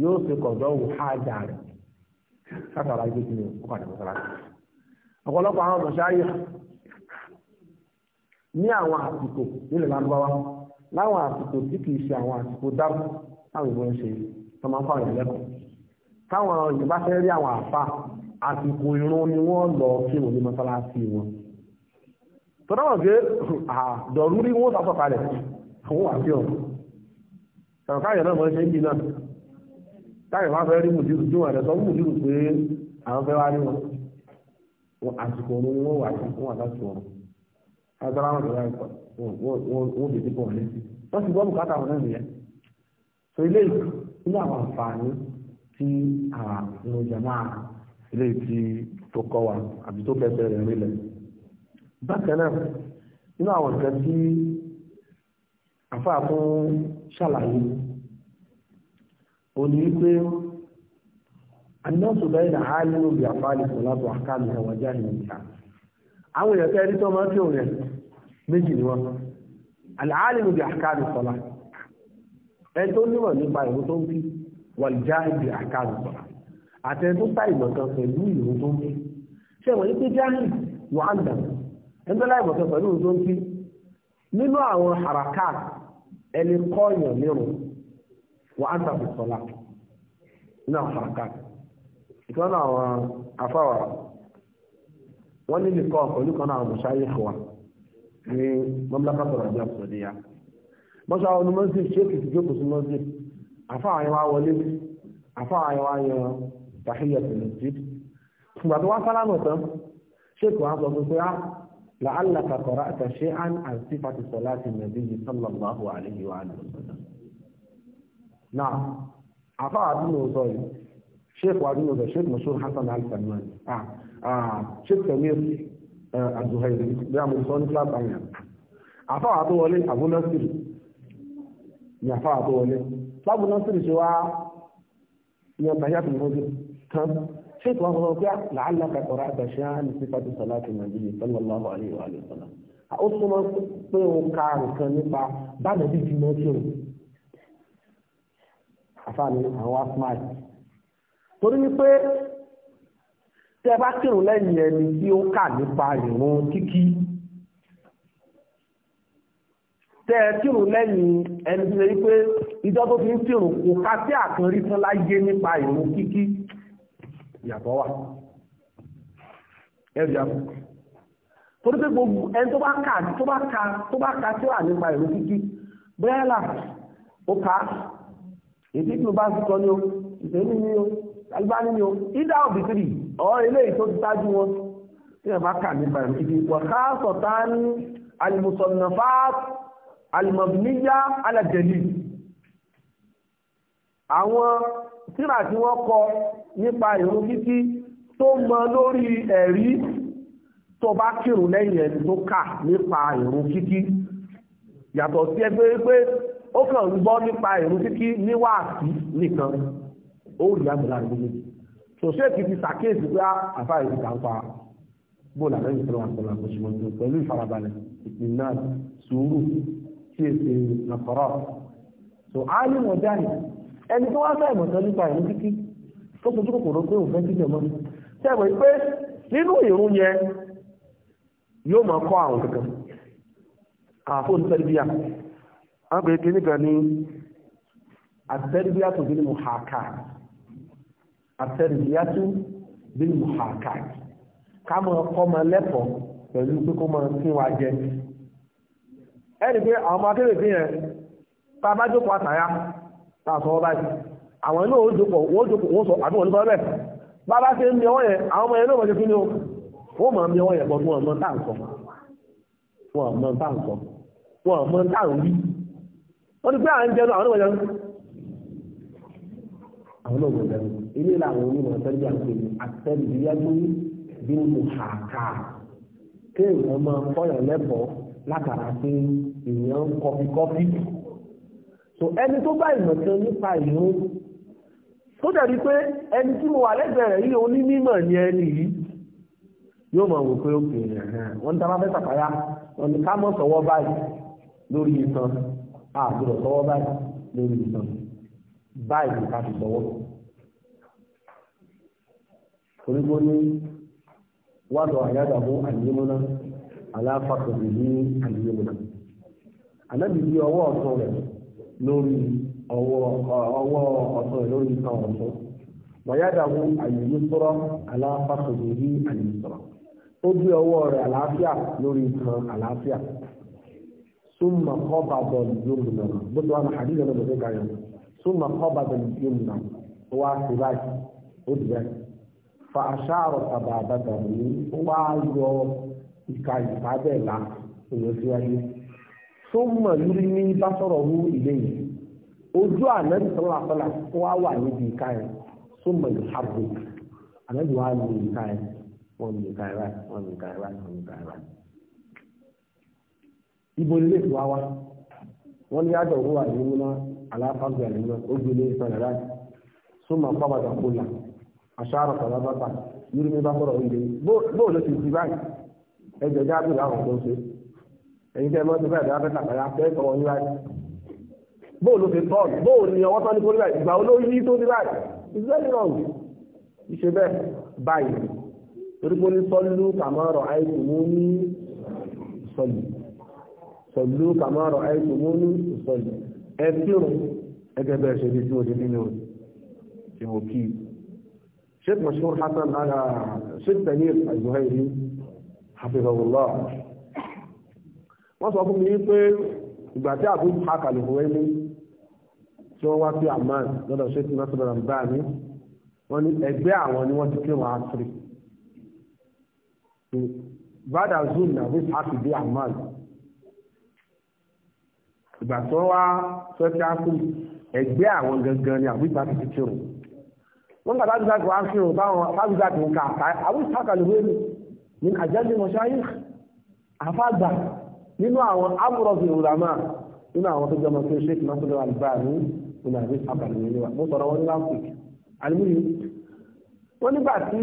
yóò ṣe kọ̀dọ̀ wò hájà rẹ̀ látara ibi tí ó padà mọ́sálásí ọ̀pọ̀lọpọ̀ àwọn mọ̀ṣáyé ní àwọn àsìkò nílẹ̀ lágbáwá láwọn àsìkò tí kìí ṣe àwọn àsìkò dáàbò táwọn ìbọn ṣe tọmọ fáwọn ìyẹn lẹ́kọ̀ọ́ táwọn ìyẹn bá fẹ́ rí àwọn àfa àsìkò irun ni wọ́n lọ kí wọ́n ní mọ́sálásí wọn tọ́lá wọn gbé àdọ̀rúrí wọn sàtọ̀kalẹ̀ àwọn àfihàn sàǹkáyọ̀ náà mọ̀ ṣe ń náà táyọ̀ máa fẹ́ rí mùdírù tí wọ́n àdẹ́sọ́ mùdírù pé àwọn fẹ́ wá rí wọn wọn àsìkò ọ̀run wọn wà sí wọn àdásìkò ọ̀run agbára wọn lọ́wọ́ ẹ̀kọ́ wọn bèbè pọ̀ ní wọ́n ti gbọ́ bùkátà wọn náà nìyẹn so ilé ilé àwọn àǹfààní tí àwọn jàmá ilé tí tó kọ́ wa àbí tó fẹ́ rẹ̀ rí lẹ̀ bákan náà nínú àwọn nǹkan tí àfáà tó ṣàlàyé ó ní pé anáṣù bẹ́ẹ̀ ní àálẹ́ òbí àfáàlì fún látọ̀ àkàmì ẹ̀wọ̀n jáde nìyà àwọn èèyàn tẹ́ ẹni tó máa ń fi òun rẹ̀ méjì ni wọ́n àlàálẹ́ òbí àkàmì sọ̀la ẹni tó nímọ̀ nípa ìwọ tó ń bí wàlìjáde bí àkàmì sọ̀la àtẹni tó sá ìmọ̀ kan pẹ̀lú ìwọ tó ń bí ṣé ìwọ̀n yìí pé jáde wàhálà ẹni tó láì mọ̀ kan pẹ̀lú ìwọ tó ń bí nínú àwọn harakat ẹni kọ́ọ̀yàn nírun wọ́n á tàbí sọ́lá nínú àwọn àká ìkan náà àwọn afáwà wọ́n ní nìkan pẹ̀lú kan náà mọ̀ṣáyé wa ní mọ́mílákà sọ̀rọ̀ àjọ àsọ̀díyà mọ́ṣá ọdún mọ́sí ṣéèkì ti jókòó sí mọ́sí àfáà yẹn wá wọlé àfáà yẹn wá yan tàhíyà tìlẹ̀ sí ìgbà tó wá sálámù tán ṣéèkì wa sọ fún pé á ah, لعلك قرأت شيئا عن صفة صلاة النبي صلى الله عليه وآله وسلم نعم عفا عبد الوزاري شيخ وعبد الوزاري شيخ مشهور حسن آل سلمان آه. آه. شيخ سمير آه. الزهيري بيعمل صوني كلاب أيام عفا عبد الولي نصر ni àfa àtọwọlé lábùnà sì ṣe wá yan ṣètò àwọn ọmọ pé làálà kàkọrọ àgbàṣe á ní pípa tó sọlá tó nàbí yìí sallallahu alaihi wa sallam ó súnmọ́ pé òun ka nǹkan nípa báyìí bí ti mọ́ kírun àfààní àwọn asmart torí wípé tẹ bá kírun lẹ́yìn ẹni tí ó kà nípa ìrun kíkí tẹ kírun lẹ́yìn ẹni tí ó yẹ pé ìjọ tó fi ń kírun kò ká sí àkànrí tán láyé nípa ìrun kíkí ìyàtọ̀ wà ẹ̀rù yàtọ̀ torí pé gbogbo ẹni tó bá ka tó bá ka tó bá ka tí ó wà nípa ìlú kíkí bẹ́ẹ̀là ó ka èdè tí mo bá sọ ní o ìtẹ́lú ní o alibani ní o ìdá òbí tìrì ọ̀ eléyìí tó ti dájú wọn tí ẹ bá kà nípa ìlú kíkí wà ká sọ̀tán alimusọ̀nàfà alimọ̀bìníyà alàjẹ̀lì àwọn tíra tí wọ́n kọ nípa ìrun kíkí tó mọ lórí ẹ̀rí tó bá kírun lẹ́yìn ẹni tó kà nípa ìrun kíkí yàtọ̀ sí ẹgbẹ́ pé ó kàn ń gbọ́ nípa ìrun kíkí níwáàsí nìkan ó rí àgbẹ̀lá rẹ̀ méjì sòṣẹ́ kì í ti sàkíyèsí pé ah, àfa ìlú kà ń pa bóòlù àlẹ́yìn tó wà pẹ̀lú àkọsímọ́tò pẹ̀lú ìfarabalẹ̀ ìpinnu sùúrù kí èsì nàkọ́rọ̀ so àálùmọ̀jáde ẹni tó wá fẹ́ ìmọ̀tán nípa ìlú títí tó fojú kòkòrò pé òun fẹ́ títí ọmọ ní sẹ́wọ̀ pé nínú ìrún yẹn yóò máa kọ́ àwọn kankan àfó ní sẹ́ríbíà wọ́n pè kí nìkan ní àtẹ́ríbíà tó bí ní mùhàkà àtẹ́ríbíà tó bí ní mùhàkà ká máa kọ́ máa lẹ́kọ̀ọ́ pẹ̀lú pé kó máa fún wa jẹ ẹni pé àwọn ọmọ akérèké yẹn tá a bá jókòó àtàyà àfọwọ́ báyìí àwọn inú òjòpọ̀ wọ́n jòpọ̀ wọ́n sọ àbúrò nípa bẹ́ẹ̀ bábá ṣe ń bí ọwọ́ yẹn àwọn ọmọ yẹn lóòmọ̀ ṣe kí ni ó wọ́n máa ń bí ọwọ́ yẹn pọ̀ wọn mọ tá à ń sọ wọn mọ tá à ń sọ wọn mọ tá à ń wí wọ́n ti pé à ń jẹnu àwọn ọmọ yẹn àwọn ọmọ yẹn ilé làwọn onímọ̀ àtẹ́lẹ́bí àti àtẹ́lẹ́bíyájú bí mo hà ká kéèyàn máa kọ́yàn lẹ́kọ̀ọ́ látara pé èèyàn kọfí kọfí so ẹni tó bá ìmọ̀tán nípa ìrun tó dẹ̀ rí pé ẹni tí mo wà lẹ́gbẹ̀ẹ́ rẹ̀ yi onímọ̀ ni ẹni yìí yóò mọ̀ wò pé òkè wọ́n ní tábàfẹ́ sàkáyà wọ́n ká mọ̀ sọ̀wọ́ báyìí lórí itan àgbọ̀dọ̀ sọ̀wọ́ báyìí lórí itan báyìí ní ká fi sọ̀wọ́. orígbó ní wàdọ̀ àyádàbọ̀ àyèmọ́nà aláfàkọ̀ọ̀dẹ̀ ní àyèmọ́nà. ànábìyí ọwọ́ ọ̀tún rẹ̀ lórí ọwọ́ ọ̀tọ̀ lórí ìkan ọ̀tọ̀ wàyádàwó àyùsọ́rọ̀ aláfàṣọ̀rọ̀ ní àyùsọ̀rọ̀ ó gbé ọwọ́ rẹ̀ àlàáfíà lórí ìkan àlàáfíà súnmọ̀ kọ́bàbọ̀ yómùnà bó ti wà ní àdìyẹ lọ́dọ̀ tó ga yẹn súnmọ̀ kọ́bàbọ̀ yómùnà ó wá sí báyìí ó ti bẹ́ẹ̀ fa aṣáàrọ̀ tàbà àbàtà ní ó wá yọ ìka ìfàbẹ̀ là òyìnbó tó mọ̀ lórí ní bá sọ̀rọ̀ wú ilé yìí ojú ànábì sọ̀rọ̀ àpẹẹrẹ tó wá níbi ìka yẹn tó mọ̀ lè hàbò ànábì wà ìka yẹn wọ́n ní ìka yẹn ka ibo ilé ìtò wa wọ́n ní yájọ̀ òwúwà ní múná aláfàgbé ojú ilé bàbà lórí ẹ̀yin tẹ́ ẹ mọ́tò bẹ́ẹ̀ dáa fẹ́ta kàyà fẹ́ sọ̀rọ̀ ní báyìí bóòlù ti tọ́ bóòlù ni ọwọ́ tán ní kórìíra ìgbà olóyí tó ní báyìí is very wrong ìṣe bẹ́ẹ̀ báyìí torí pé ní sọ́lú kàmọ́rọ̀ àìsùn mú ní sọ́lù sọ́lú kàmọ́rọ̀ àìsùn mú ní sọ́lù ẹ kírun ẹgẹ́ bẹ́ẹ̀ ṣe ní tí mo ṣe nínú tí mo kí sheikh mashur hasan sheikh tanir al-zuhairi hafizahullah wọ́n sọ fún mi wípé ìgbà tí àbú àkàlù fún wẹ́lẹ́ tí wọ́n wá sí amman lọ́dọ̀ ṣe tí wọ́n sọ̀rọ̀ àbúgbà mi wọ́n ní ẹgbẹ́ àwọn ni wọ́n ti kí wọn àṣírí bada zoom na bí àkìdé amman ìgbà tí wọ́n wá fẹ́ kí á kú ẹgbẹ́ àwọn gangan ni àbú ìgbà ti kí wọn wọ́n gbà tábìlì àti wọ́n á kí wọn tábìlì àti wọn kà àbú ìgbà àkàlù wẹ́lẹ́ ní àjẹ́lẹ̀ mọ̀ṣáyé àfáàgbà nínú àwọn amúrọ̀sì ìwùdàmà nínú àwọn tó jẹ́ ọmọ tó ṣe kìnnà fúnlẹ̀ àlùbáàmì nínú àbí àbàlẹ̀ ìlú wa mo sọ̀rọ̀ wọn ní láǹfìk àlùmíyì wọ́n nígbà tí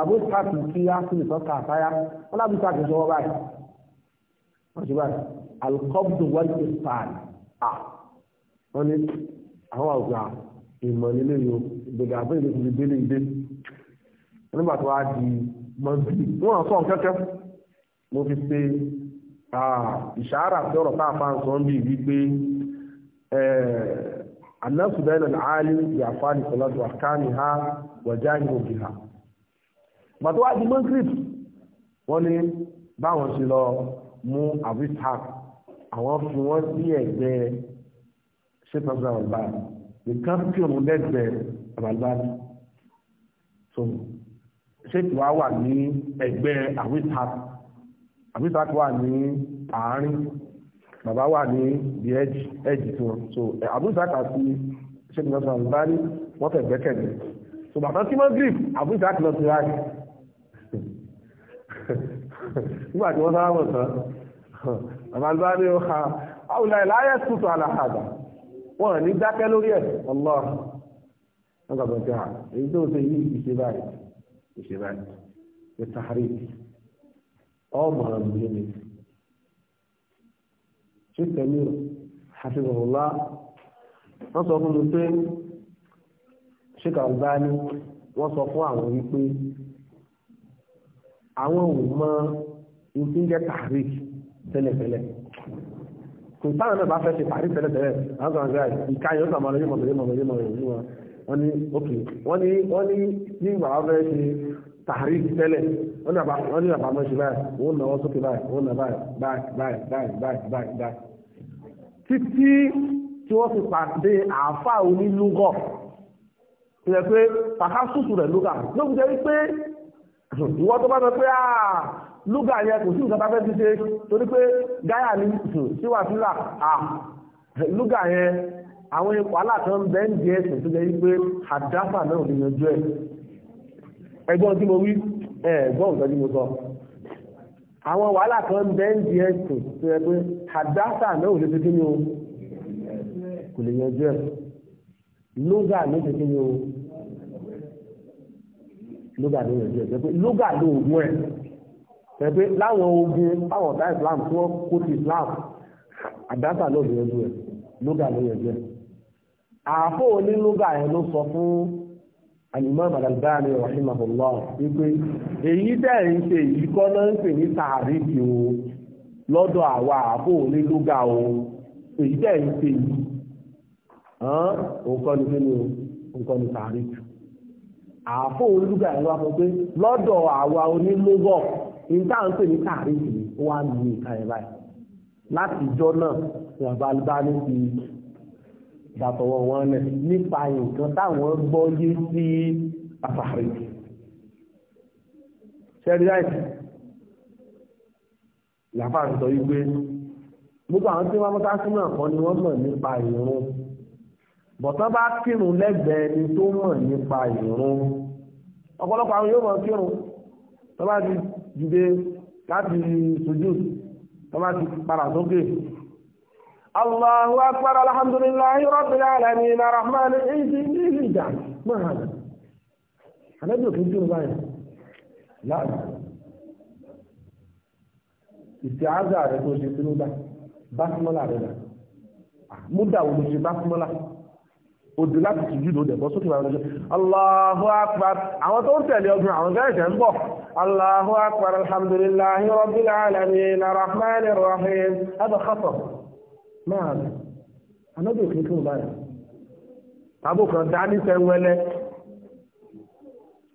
àbó sáàkì kí á sí ìsọ́ ká àtayá wọ́n lábí sáàkì sọ́wọ́ báyìí wọ́n ti báyìí alukọ́bùdù wọ́n ti pààlì à wọ́n ní àwọn àgbà ìmọ̀ nílé yòó ìgbèdà àbẹ́ ìlú ti délé ìdé nígbà tó wá di mọ́ńtì wọ́n sọ̀ kẹ́kẹ́ mo fi ṣe ìṣàárà tí ọ̀rọ̀ tá a fa ń sọ ń bí wípé anásùbẹ́nà àálí ìyàfá ní sọlọ́dún àkáàní ha wọ̀já ní òbí ha bàtọ́ wá di mọ́ńkírìt wọ́n ní báwọn ṣe lọ mú àbíṣàk àwọn fi wọ́n sí ẹ̀gbẹ́ ṣètọ́sọ àbàlbà nìkan kí òun lẹ́gbẹ̀ẹ́ àbàlbà so ṣètò wa wà ní ẹ̀gbẹ́ àbíṣàk àbísà wà ní àárín bàbá wà ní the edge edge tó so àbúzà àti sheikh nasir alibari wọ́n fẹ̀ gbẹ́kẹ̀lé so bàbá tí wọ́n grip àbúzà àti lọ́sí ráì nígbà tí wọ́n sára wọ̀ tán bàbá alibari ó ha àwọn ìlà ìlà ayé tuntun àlàkàdà wọ́n ní dákẹ́ lórí ẹ̀ ọlọ́ wọ́n gbàgbọ́ tí a ah, èyí tó ń ṣe yí ìṣe báyìí ìṣe báyìí ìṣe báyìí ọmọ àgbẹ̀ mi ṣé tẹ̀lé àfihànlá wọ́n sọ fún mi pé ṣíkà ọ̀gá ni wọ́n sọ fún àwọn wípé àwọn ò mọ ìpínjẹ́ tààrí tẹ́lẹ̀tẹ́lẹ̀ kò táwọn náà bá fẹ́ ṣe tààrí tẹ́lẹ̀tẹ́lẹ̀ àwọn kan gbé ìka yóò sàmọ́ ọ̀rẹ́ mọ̀mọ́lé mọ̀mọ́lé mọ̀mọ́lé wọn ni ok wọ́n ní wọ́n ní ní ìgbà wọn fẹ́ ṣe tàrí tẹ́lẹ̀ wọ́n ní bàbá mọ́ ṣe báyìí wọ́n náwó sókè báyìí wọ́n náà báyìí báyìí báyìí báyìí báyìí báyìí títí tí wọ́n fi pàdé àáfà onílúgọ̀ ilẹ̀ pé pàká sùsù rẹ̀ lúgà ló fi jẹ́ wípé ìwọ́n tó bá sọ pé àà lúgà yẹn kò sí nǹkan tá fẹ́ ti ṣe torí pé gáyà ní síwà sílà à lúgà yẹn àwọn ipò aláàtọ̀ ń bẹ́ẹ̀ ń di ẹ̀sìn tó jẹ́ wípé àdáfà náà ò ẹgbọ́n tí mo wí ẹgbọ́n nǹkan tí mo sọ àwọn wàhálà kan ń bẹ́ ń di ẹ̀sùn tó yẹ pé àdásà náà ò lè fi kíni o kò lè yanjú ẹ̀ lógà ló fi kíni o lógà ló yanjú ẹ̀ pé lógà ló ògùn ẹ̀ tẹ̀ pé láwọn ogun láwọn ọ̀tá Islam tí wọ́n kó ti Islam àdásà náà ò lè yanjú ẹ̀ lógà ló yanjú ẹ̀ àáfò onílógà yẹn ló sọ fún alimami alalbani rahimahullah wípé èyí tẹ́ ń ṣe èyí kọ́ náà ń pè ní tààríkì o lọ́dọ̀ àwa àbò onílúgà o èyí tẹ́ ń ṣe yìí nǹkan ni kíni o nǹkan ni tààríkì àbò onílúgà yẹn wá sọ pé lọ́dọ̀ àwa onílúgọ̀ níta ń pè ní tààríkì wá ní ìka báyìí láti ìjọ náà ìyàbá ti dàtọ̀wọ̀ wọn lẹ̀ nípa nǹkan táwọn gbọ́ yé sí àtàrí ṣẹ́ríláìtì làfà ń sọ wípé gbogbo àwọn tí wọ́n mọ́ta sí náà kan ni wọ́n mọ̀ nípa ìrun bọ̀tán bá kírun lẹ́gbẹ̀ẹ́ ẹni tó mọ̀ nípa ìrun ọ̀pọ̀lọpọ̀ àwọn yóò mọ̀ kírun tó bá ti dìde láti sojú tó bá ti padà sókè الله أكبر الحمد لله رب العالمين الرحمن الرحيم ما هذا أنا أدرك الدين باين لا استعاذة على كل شيء سنودا بسملة على مدة ولشي بسملة odò láti tìjú ló dẹ̀ bọ́ sókè bá lọ́jọ́ Allahu akbar àwọn tó ń tẹ̀lé ọdún àwọn gẹ́ẹ̀ṣẹ̀ ń bọ̀ Allahu akbar alhamdulillahi rabbil alamin arrahmanir rahim adọ́kọ́sọ̀ máa rẹ̀ anábì òkè tó kan dá ní sẹ́wẹ́lẹ́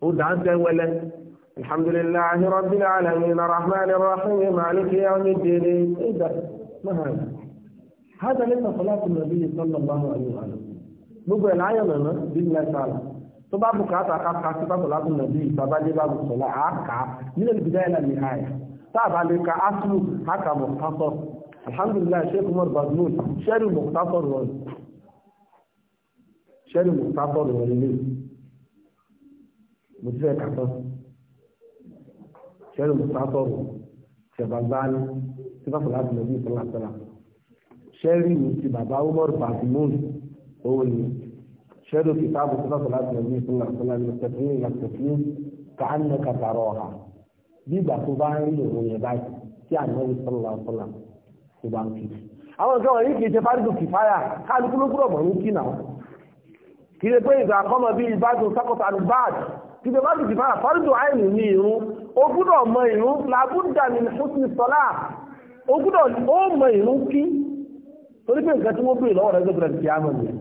ó dá sẹ́wẹ́lẹ́ máa rẹ̀ ka alhamdulillah sheikh umar bazmul sẹ́rì mọ̀tàfọ́ rọ̀ sẹ́rì mọ̀tàfọ́ rọ̀ nílé mo ti fẹ́ kàtọ́ sẹ́rì mọ̀tàfọ́ rọ̀ sẹ̀bàgbáni tí bá fọlá tìlẹ̀ bí ìfọlá tẹ̀lá sẹ́rì mi ti bàbá umar bazmul owó ni sẹ́rì kìtàbù tí bá fọlá tìlẹ̀ bí ìfọlá tẹ̀lá ni tẹ̀fín ìyàtẹ̀fín kàánù kàtàrọ̀ ọ̀hà bí ìgbà tó bá ń rí òun yẹn báyìí tí àná ìfọlá tẹ̀lá ó bá ń kí àwọn nǹkan wọ̀nyí kì í ṣe fárígù kìfáyà kálukú ló gbúdọ̀ mọ̀ ní kí náà kì í ṣe pé ìgbà kọ́mọ bíi ìbádùn sákòtò àti báàdì kì í ṣe fárígù kìfáyà fárígù àìní ní ìrun ó gbúdọ̀ mọ ìrun làbúdà ní húsni sọlá ó gbúdọ̀ ó mọ ìrun kí torí pé nǹkan tí wọ́n béèrè lọ́wọ́ rẹ̀ gbọ́dọ̀ ti àmọ̀ nìyẹn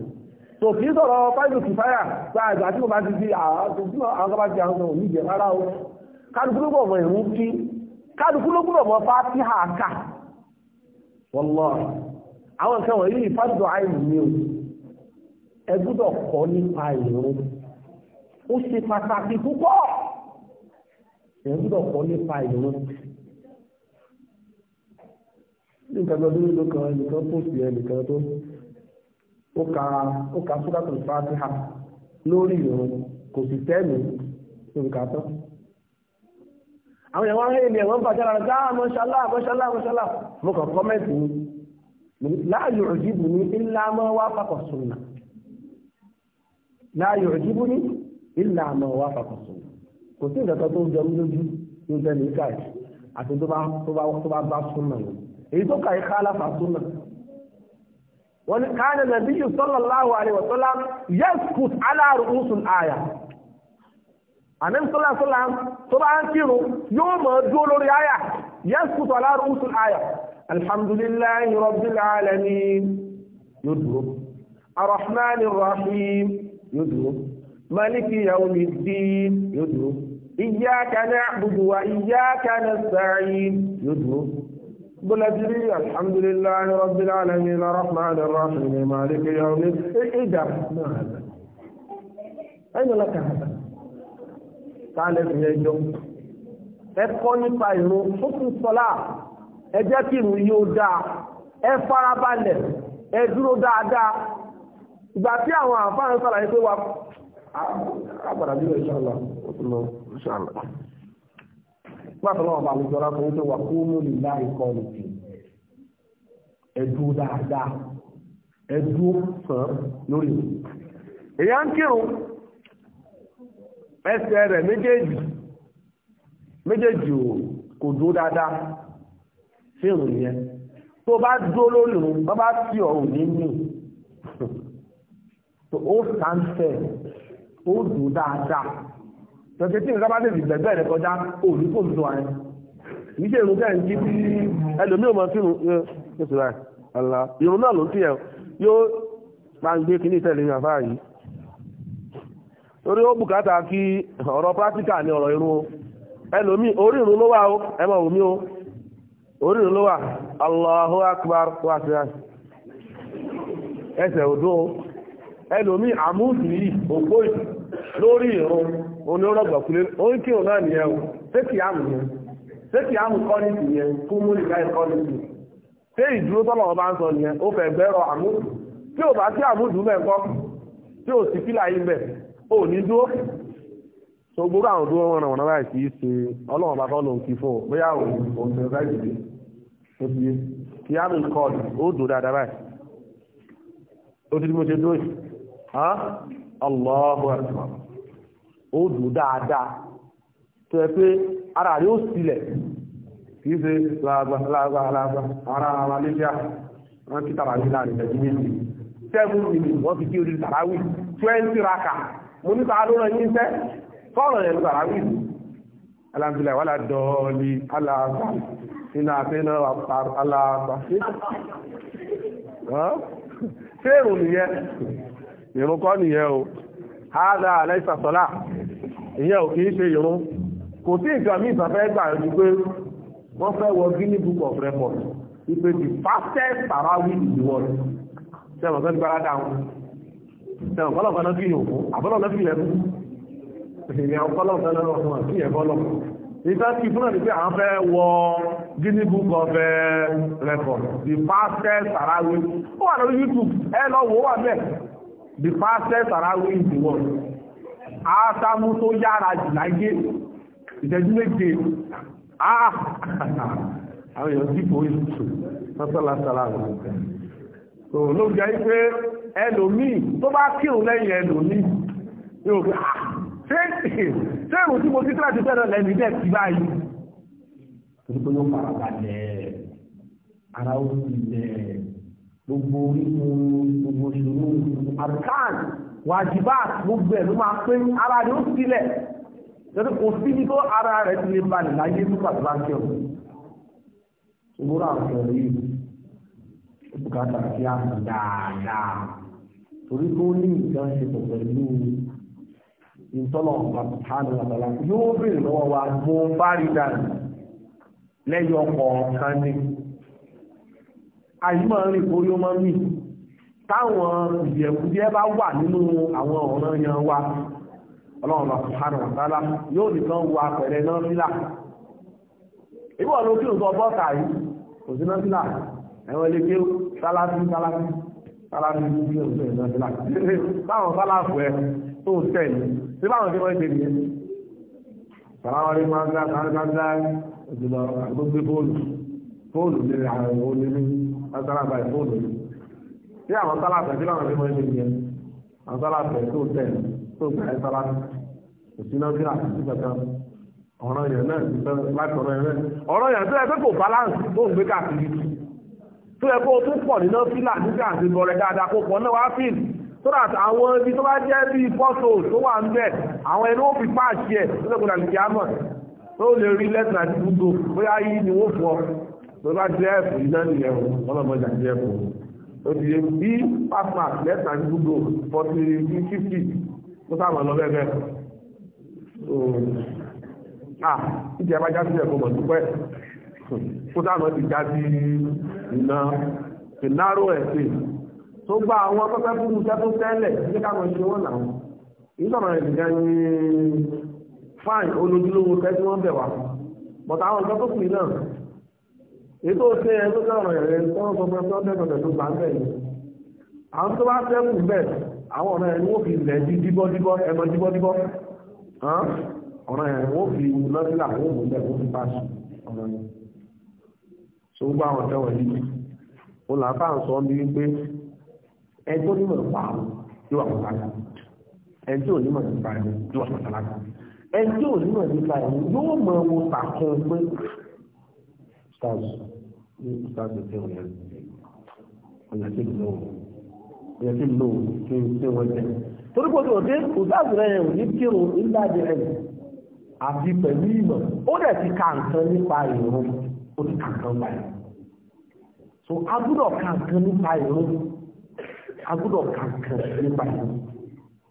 tò kì í sọ̀rọ̀ fárígù kìfáyà gbàgbà tí mo bá ti di àwọn kálukú ló gbúdọ̀ mọ fátíhà kà wallahi àwọn nǹkan wọ̀nyí ìfádùn àìlú ni o ẹ gbúdọ̀ kọ́ nípa ìrún ó ṣe pàtàkì púpọ̀ ẹ gbúdọ̀ kọ́ nípa ìrún ní nǹkan lọ́dún ló kan ẹnìkan tó sì ẹnìkan tó ó ka ó ka sódàtò fàtíhà lórí ìrún kò sì tẹ́ẹ̀mì nǹkan tán àwọn èèyàn wá ń hẹ́yìn ni ẹ̀wọ̀n ń bàjẹ́ lára ṣáà mọ́ṣálá mọ́ṣálá mọ́ṣálá mo kàn kọ́mẹ́ǹtì ni láàyò òjìbù ní ńlá mọ́ wá fàkọ̀ sùnà láàyò òjìbù ní ńlá mọ́ wá fàkọ̀ sùnà kò sí ìdàtọ̀ tó ń jọ mí lójú ní ìjọ ní ìka yìí àti tó bá tó bá bá sùnà yìí èyí tó kà í ká aláfà sùnà. wọ́n ní káàdì nàbí sallallahu alaihi wa sallam yaskut ala ru'usul àyà àní sọ́lá sọ́lá tó bá ń kírun yóò mọ̀ ọ́ dúró lórí àyà. يسقط على رؤوس الآية الحمد لله رب العالمين يدرك الرحمن الرحيم يدرك ملك يوم الدين يدرك إياك نعبد وإياك نستعين يدرك قل أدري الحمد لله رب العالمين الرحمن الرحيم مالك يوم الدين ما هذا أين لك هذا؟ تعال في يوم ẹ̀kọ́ nípa ìrun fúnkún sọlá ẹ jẹ́ kí ìrun yóò dáa ẹ farabalẹ̀ ẹ dúró dáadáa ìgbà tí àwọn àǹfààní sàlàyé pé wa àgbàdà bí ìṣàlá ọ̀túnlọ ìṣàlá pàtàlọ́wọ̀ bá lè jọra fún ìṣẹ́ wà kó mú lè láì kọ́ lè fi ẹ ń kírun ẹsẹ̀ rẹ̀ méjèèjì méjèèjì ò kò dúró dáadáa fíìmù yẹn tó bá dúró lórí òun bá bá tí ọ̀rùn ní mí ó sáńsẹ̀ ó dùn dáadáa tọ́jú tí nǹkan bá tètè gbẹ̀gbẹ́ rẹ̀ kọjá òní kò ń lọ àyẹn kì í ṣe ìrùn bẹ́ẹ̀ ń kí bí ẹlòmíràn máa fíìmù yóò àlá ìrùn náà ló ń tiẹ̀ yóò máa ń gbé kíní ìtẹ̀lé àfáà yìí torí ó bùkátà kí ọ̀rọ̀ pírátíkà ní ọ̀rọ̀ irun ẹlòmí orí ló wà ó ẹmọ òmí ó orí ló wà Allahu akbar wà sí ẹsẹ̀ òdó ẹlòmí àmúùsù yìí òpó lórí ìrún onírọ̀gbọ̀kulé oríkì òun náà nìyẹn àmù yẹn àmù yẹn ìdúró tọ́lọ̀ ọba ń sọ nìyẹn ó fẹ́ gbẹ́rọ tí tó gbogbo àwọn tó wọn wọn náà kì ṣe ọlọ́run bá kọ́ ló kí fún ọ bóyá òun òun ti yé kí á kọ́ ọ dáadáa báyìí ó ti di mo ṣe dúró yìí hàn ó dáadáa tó yẹ pé ara ó ṣe làgbà làgbà làgbà ara wọn kí láàrin méjì wọ́n fi kí orí raka mo ní ló rẹ̀ yín sẹ́ sọ́rọ̀ yẹn lọ́gbàrá wí ìlú alábìlà wà ládọ́ọ̀lì aláàbà iná àfihàn aláàbà fẹ́rùn nìyẹn ìrún kọ́ nìyẹn o ààdà aláìsàsọ́lá ìyẹn ò kìí ṣe ìrún kò sí nǹkan mí ìtàfẹ́ gbà ju pé wọ́n fẹ́ wọ Guinness book of record ìpè the fastest tarawi in the world sẹ́wọ̀n kan gbára dáhùn sẹ́wọ̀n kọ́lọ̀kan náà fi yòókù àbọ́lọ̀ náà fi yẹ èèyàn ọpọlọpọ lọ́rọ̀ fún àti ẹ̀bọ́lọ̀ ìta ti fún ẹ̀rí pé àwọn fẹ́ wọ Guinness Book of eh, Records the fastest sarawi ó wà lórí YouTube ẹ lọ wò wà bẹ́ẹ̀ the fastest sarawi in the world ásámú tó yára jù láyé ìtẹ́jú méje ah! àwọn èèyàn dìbò ìtù lọ́sọ́lásọ́lá rẹ̀ so ló jẹ́ pé ẹlòmíì tó bá kírun lẹ́yìn ẹlòmíì yóò fi ah! ṣé ìrùn tí mo ti kíláàsì fẹ́ràn lẹ́nu dẹ̀ ti báyìí torí pé yóò fara balẹ̀ ara ó ti lẹ̀ gbogbo orígun gbogbo ìṣòro arkan wàjibá gbogbo ẹ̀ ló máa pé ara rẹ̀ ó sílẹ̀ lọ́dún kò sí ní tó ara rẹ̀ ti lè balẹ̀ láyé tó pàtó bá kẹ́ ọ̀hún ṣùgbọ́n àwọn ọ̀rọ̀ yìí ó torí pé ní nǹkan ṣe pẹ̀lú ìtọ́lọ̀ subhanahu wa ta'ala yóò bèèrè lọ́wọ́ wa mo bá rí dànù lẹ́yìn ọkọ̀ kan ní àyímọ̀ rìn orí ọmọ mi táwọn ìyẹ̀kújẹ́ bá wà nínú àwọn ọ̀ràn yan wa ọlọ́run subhanahu wa ta'ala yóò nìkan wà pẹ̀lẹ́ náà sílà ìwọ ló kí nǹkan bọ́ta yìí kò sí náà sílà ẹ̀wọ̀n ilé kí sáláfí sáláfí sáláfí ní ìlú ìlú ìlú ìlú ìlú tó ń tẹ̀lé tí báwọn tí wọ́n ṣe nìyẹn sàláwọ́ ní máa ń dá kan ká ń dá ìjùlọ àgbógbé fóònù fóònù ní àwọn onílé látàlábà fóònù ní tí àwọn sálàfẹ́ tí báwọn tí wọ́n ṣe nìyẹn àwọn sálàfẹ́ tó ń tẹ̀lé tó ń tẹ̀lé sálàfẹ́ òsínà bí àtúntì kankan ọ̀rọ̀ yẹn náà ti fẹ́ láti ọ̀rọ̀ yẹn náà ọ̀rọ̀ yẹn tó yẹ pé kò balance tó ń gbé káàkiri tó yẹ kó tún pọ̀ nínú fílà nígbà àti bọ̀rẹ̀ dáadáa kó pọ̀ náà wá fíìlì so that àwọn ibi tó bá jẹ́ bí pọ́tò tó wà ń bẹ̀ àwọn ẹni ó fi páàkì ẹ̀ tó lẹ́gbọ̀dà lè jámọ̀ tó lè rí lẹ́tà àti gbogbo bóyá yìí ni wọ́n fọ́ tó bá jẹ́ ẹ̀fù iná nìyẹn ọlọ́mọdé àti ẹ̀fù ó ti lè bí pàpà lẹ́tà àti gbogbo forty fifty tó sáwọn ah ìdí ẹ̀ bá já sí ẹ̀kọ́ mọ̀ dúpẹ́ kó sáwọn ti já sí iná ìnáró ẹ̀sìn tó gba àwọn pẹ́pẹ́ fún iṣẹ́ tó tẹ́lẹ̀ ní káwọn ṣe wọ́n náà ìsọ̀rọ̀ rẹ̀ nìkan ní fáìn olójúlówó fẹ́ tí wọ́n bẹ̀ wá bọ̀tà àwọn ìjọ tó kù náà ètò ṣe ẹ tó sọ̀rọ̀ rẹ̀ tọ́wọ́ sọ pé ọdún ẹ̀sọ̀ tó gbà ń bẹ̀ ni àwọn tó bá sẹ́kù bẹ̀ àwọn ọ̀rọ̀ ẹ̀ ni wọ́n fi lẹ̀ di díbọ́díbọ́ ẹ̀mọ díbọ́díbọ́ ọ̀rọ̀ ẹ̀ wọ́n wọ́n fi so gbogbo àwọn ọ̀tẹ́wọ̀n yìí ẹjọ́ onímọ̀ nípa àwọn yóò wà mọ́sálásí ẹjọ́ onímọ̀ nípa ẹ̀mí yóò wà mọ́sálásí ẹjọ́ onímọ̀ nípa ẹ̀mí yóò mọ ewu pàkan pé stars ní stars ní fẹ́ràn yẹn ọ̀nà tí mi lọ́wọ́ ọ̀nà tí mi lọ́wọ́ kí n ṣe wọ́n jẹ torí pé òde òṣàṣù rẹ̀ ò ní kírun nígbà jẹ ẹ̀ àfi pẹ̀lú ìmọ̀ ó dẹ̀ ti ka nǹkan nípa ìrún ó ti ka nǹkan báyìí so a gbúdọ̀ ka nǹkan nípa ìrún a gbọ́dọ̀ kankan nípa yìí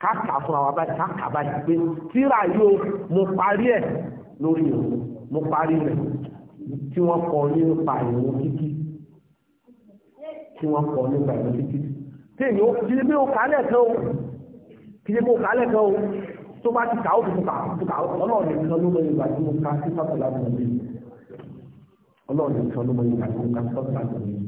káàkà fúnra wa báyìí káàkà báyìí pé tíra yóò mo parí ẹ̀ lórí ẹ̀ mo parí rẹ̀ tí wọ́n kọ nípa ìwọ̀n kíkí tí wọ́n kọ nípa ìwọ̀n kíkí tí ó kí ni ó kálẹ̀ kan o kí ni ó kálẹ̀ kan o tó bá ti kà ó tuntun kà ó tuntun kà ó ọlọ́ọ̀dẹ̀ nìkan ló mọ ìgbà mo ka sí sọ́kùnrin àgbọ̀n mi ọlọ́ọ̀dẹ̀ nìkan ló mọ ìgbà mo ka sí sọ́kùnrin àgbọ̀n mi.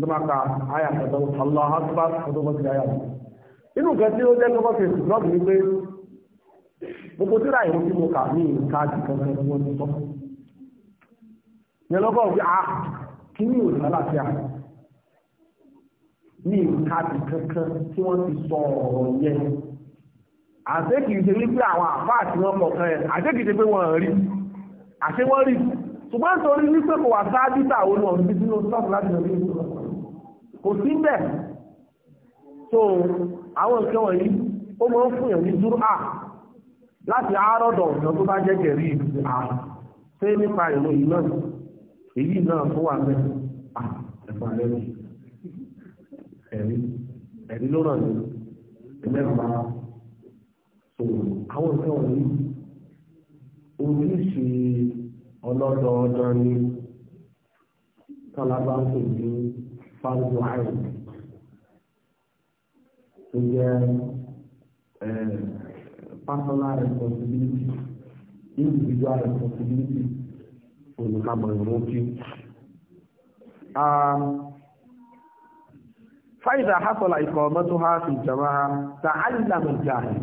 tó máa ka àyà kẹta Allahu Akbar ọdún bọ́ sí àyà mi inú nǹkan tí ó jẹ́ tó bọ́ sí èsì lọ́ọ̀dù ni pé gbogbo tíra ìwé tí mo kà ní nǹkan àti kankan tí wọ́n ti ah, ni òòlù àlàáfíà ní nǹkan àti kankan tí wọ́n ti sọ ọ̀rọ̀ yẹn àṣekìí ṣe wípé àwọn àfáà tí wọ́n kọ̀ọ̀kan ẹ̀ àṣekìí ṣe pé wọ́n rí ṣùgbọ́n torí wípé kò wà sáájú tàwọn ọ̀rọ̀ bí sínú sọ́ọ̀tù láti ọ̀rọ̀ kò sí bẹ̀ so àwọn nǹkan wọ̀nyí ó mọ́ ń fún yàn ní zúrà láti àárọ̀dọ̀ ọ̀nà tó bá jẹ́ kẹ̀rí ìlú àà ṣé nípa ìlú yìí náà èyí náà fún wa mẹ́ so àwọn nǹkan wọ̀nyí oríṣi ọlọ́dọọdọ ni tálábà ń pè ní fardu ayn tó jẹ́ personal responsibility individual responsibility olùkàmọ̀ ìmúkí. Um, fáìdà hasọ̀lá ikọ̀ mọ́tò ha fi jama ta alìlàmì jàrì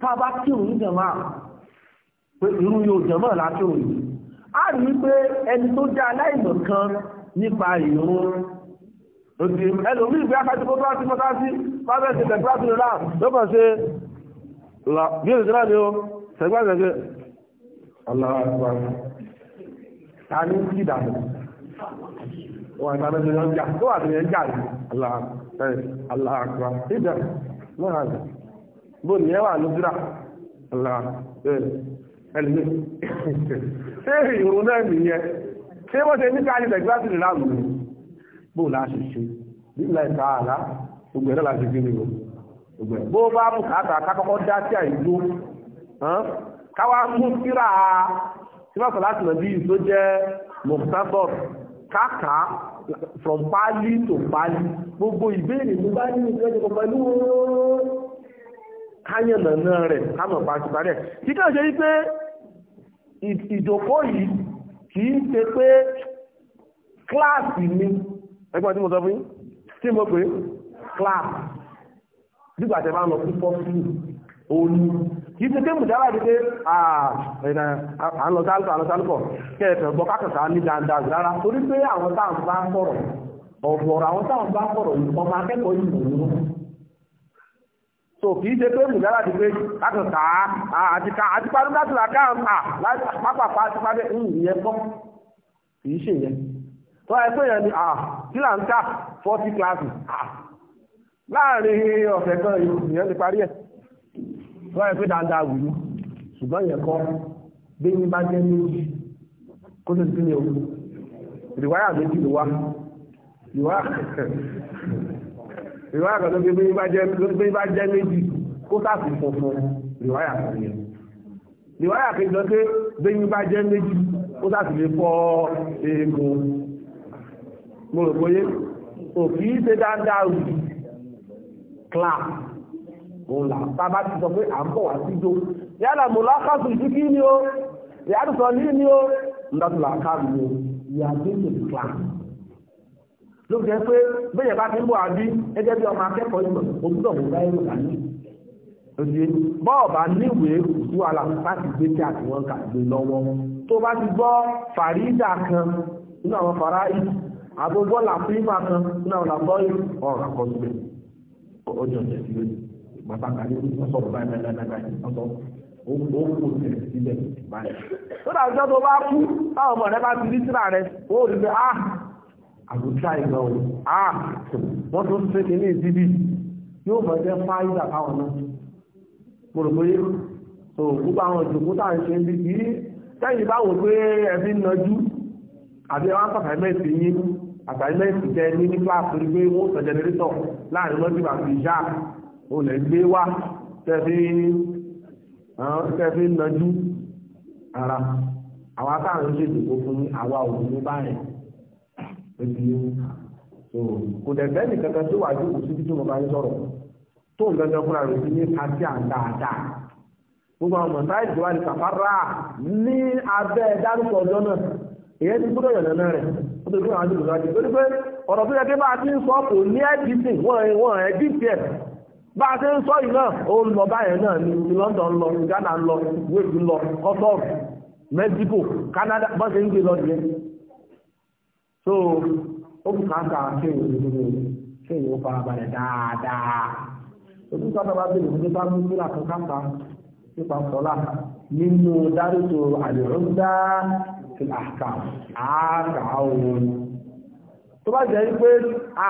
ta bá kírun jama pé irú yóò jama látòrò yìí a rí pé ẹni tó jẹ́ aláìmọ̀ kan nípa ìrún lòdì ẹlòmí ìgbé akájú kó bá sí mọ́tá sí bábẹ́ sí tẹ̀gbá sí lọ́la ló kàn ṣe bí èdè náà ni ó tẹ̀gbá tẹ̀gbẹ́ aláwọ̀ ta ní kí ìdàmú wọn àtàlẹ́ ti yọjà tó wà tẹ̀yẹ jà ní aláàkúrá ìdà náà rẹ̀ bó ní ẹwà ló dúrà ẹlòmí ṣé ìrùn náà nìyẹn ṣé wọ́n ṣe ní káàdì tẹ̀gbá sí lọ́la bóò láti ṣe nígbà ìta àlá gbogbo ẹ̀rọ láti gbé nìyẹn gbogbo ẹ̀ bó bá mú kàtà kákọ́kọ́ dá sí àìdó káwá mú síra síbàtà láti nà bí tó jẹ́ mọ̀tàtọ̀ káàkà from pali to pali gbogbo ìbéèrè tó bá ní ìgbẹ́ ìjọba pẹ̀lú káyànnà náà rẹ̀ kámọ̀ pàṣípà rẹ̀ kíkà ṣe wípé ìjòkó yìí kì í ṣe pé kíláàsì ni ẹgbọ́n tí mo sọ fún yín tí mo pè class nígbà tẹ́ bá lọ sí pọ́ọ̀sì òní kìí ṣe tẹ́mù dára ìdíje àlọ́sálùkọ̀ àlọ́sálùkọ̀ kẹ́ẹ̀fẹ̀ gbọ́ kákàtà ní dandan rárá torí pé àwọn táwọn bá sọ̀rọ̀ ọ̀pọ̀ àwọn táwọn bá sọ̀rọ̀ ọmọ akẹ́kọ̀ọ́ yìí nìyí so kìí ṣe pé mùdára ti pé kákàtà àti ká àti parí láti làkà pápá àti parí ìyẹn kọ́ kìí ṣe yẹn tó ẹgbẹ́ yẹn ni kí là ń kà forty classes láàrin ọ̀sẹ̀ kan ìyẹn ti parí ẹ̀ tó ẹgbẹ́ dáadáa wù ú ṣùgbọ́n yẹn kọ́ bí ní bá jẹ́ méjì kó tó ti ní ewu ìrìwáyà méjì ló wá ìrìwáyà kan tó bí ní bá jẹ́ méjì kó sáàsì funfun ìrìwáyà kan yẹn ìrìwáyà kejì lọ pé bí ní bá jẹ́ méjì kó sáàsì lè fọ́ eegun mo rò bóyé òkì ṣe dáadáa rù class òun là bàbá ti sọ pé à ń bọ̀ wá sí ijó yálà mo lákàtù ìdíkí ni ó ìyáàdù sọ ní ni ó ńdọ́tù làkàtù ni ó ìyáàdù ní class ló jẹ́ pé bẹ́ẹ̀ bá ti ń bọ̀ àbí gẹ́gẹ́ bí ọmọ akẹ́kọ̀ọ́ ìmọ̀ òkúdọ̀ mú bá ẹrù dání òdì bọ́ọ̀bà níwèé ìlú aláàfáàtì gbé tí àti wọn kà gbé lọ́wọ́ tó bá ti gbọ́ fàrídà kan nínú àwọn fàráìdì àgbogbo làpínpà kan náà làbọ́ yìí ọ̀rọ̀ àkọsílẹ̀ ọjọ́ ìjẹ́sílẹ̀ bàbá kàdé wọ́n sọ báyìí báyìí báyìí báyìí wọ́n sọ ó kò tẹ̀lé sílẹ̀ báyìí. tó dà ọjọ́ tó bá kú táwọn ọmọ rẹ bá ti rí síra rẹ ó rí pé ah àbújá ìgbà o ah wọ́n tún ṣe kínní ìdíbí yóò mọ̀ jẹ́ fáyídà káwọn náà mo rò pé tó gbogbo àwọn ìjòkó tá à ń ṣe ń bí kì í sẹ́yìn báwo pé ẹbí ń nọjú àbí wọn kọ̀ọ̀kan mẹ́sì yín àtàlẹ́sì tẹ ní ní kíláàsì rí pé wọ́n sọ jẹnẹrétọ̀ láàrin lọ́jọ́ àti ìṣá o lè gbé wá tẹ́fí nàjú ara àwọn akáàrin ṣe ìdìbò fún àwa òdìbò báyìí kò dẹ̀gbẹ́ nìkan kan tó wà ní kò síbi tó mo bá ń sọ̀rọ̀ tó ń dandan fúnra rẹ̀ sí ní àti àdáadáa gbogbo àwọn mọ̀tá ìjọba ní kàfárà ní abẹ́ dárúkọ ọjọ́ náà èyí ti gbọ́dọ̀ yọ̀nà tó tó àwọn olùsọ àti pé ọ̀rọ̀ tó yẹ kí bá ti ń sọ kò ní editing wọ́n wọ́n editing bá ti ń sọ yìí náà ó lọ báyẹn náà ní London lọ ní Ghana lọ Wales lọ Qatar Mexico Canada bá ṣe ń gbé lọ nìyẹn so ó kù ká ká ṣe ìwé ṣe ìwé farabalẹ̀ dáadáa òtún sábà bá bẹ̀rẹ̀ fún nípa mú sílà fún káńtà nípa sọ́lá nínú dárúkọ àlè àkà àkà ohun tó bá jẹ́ pé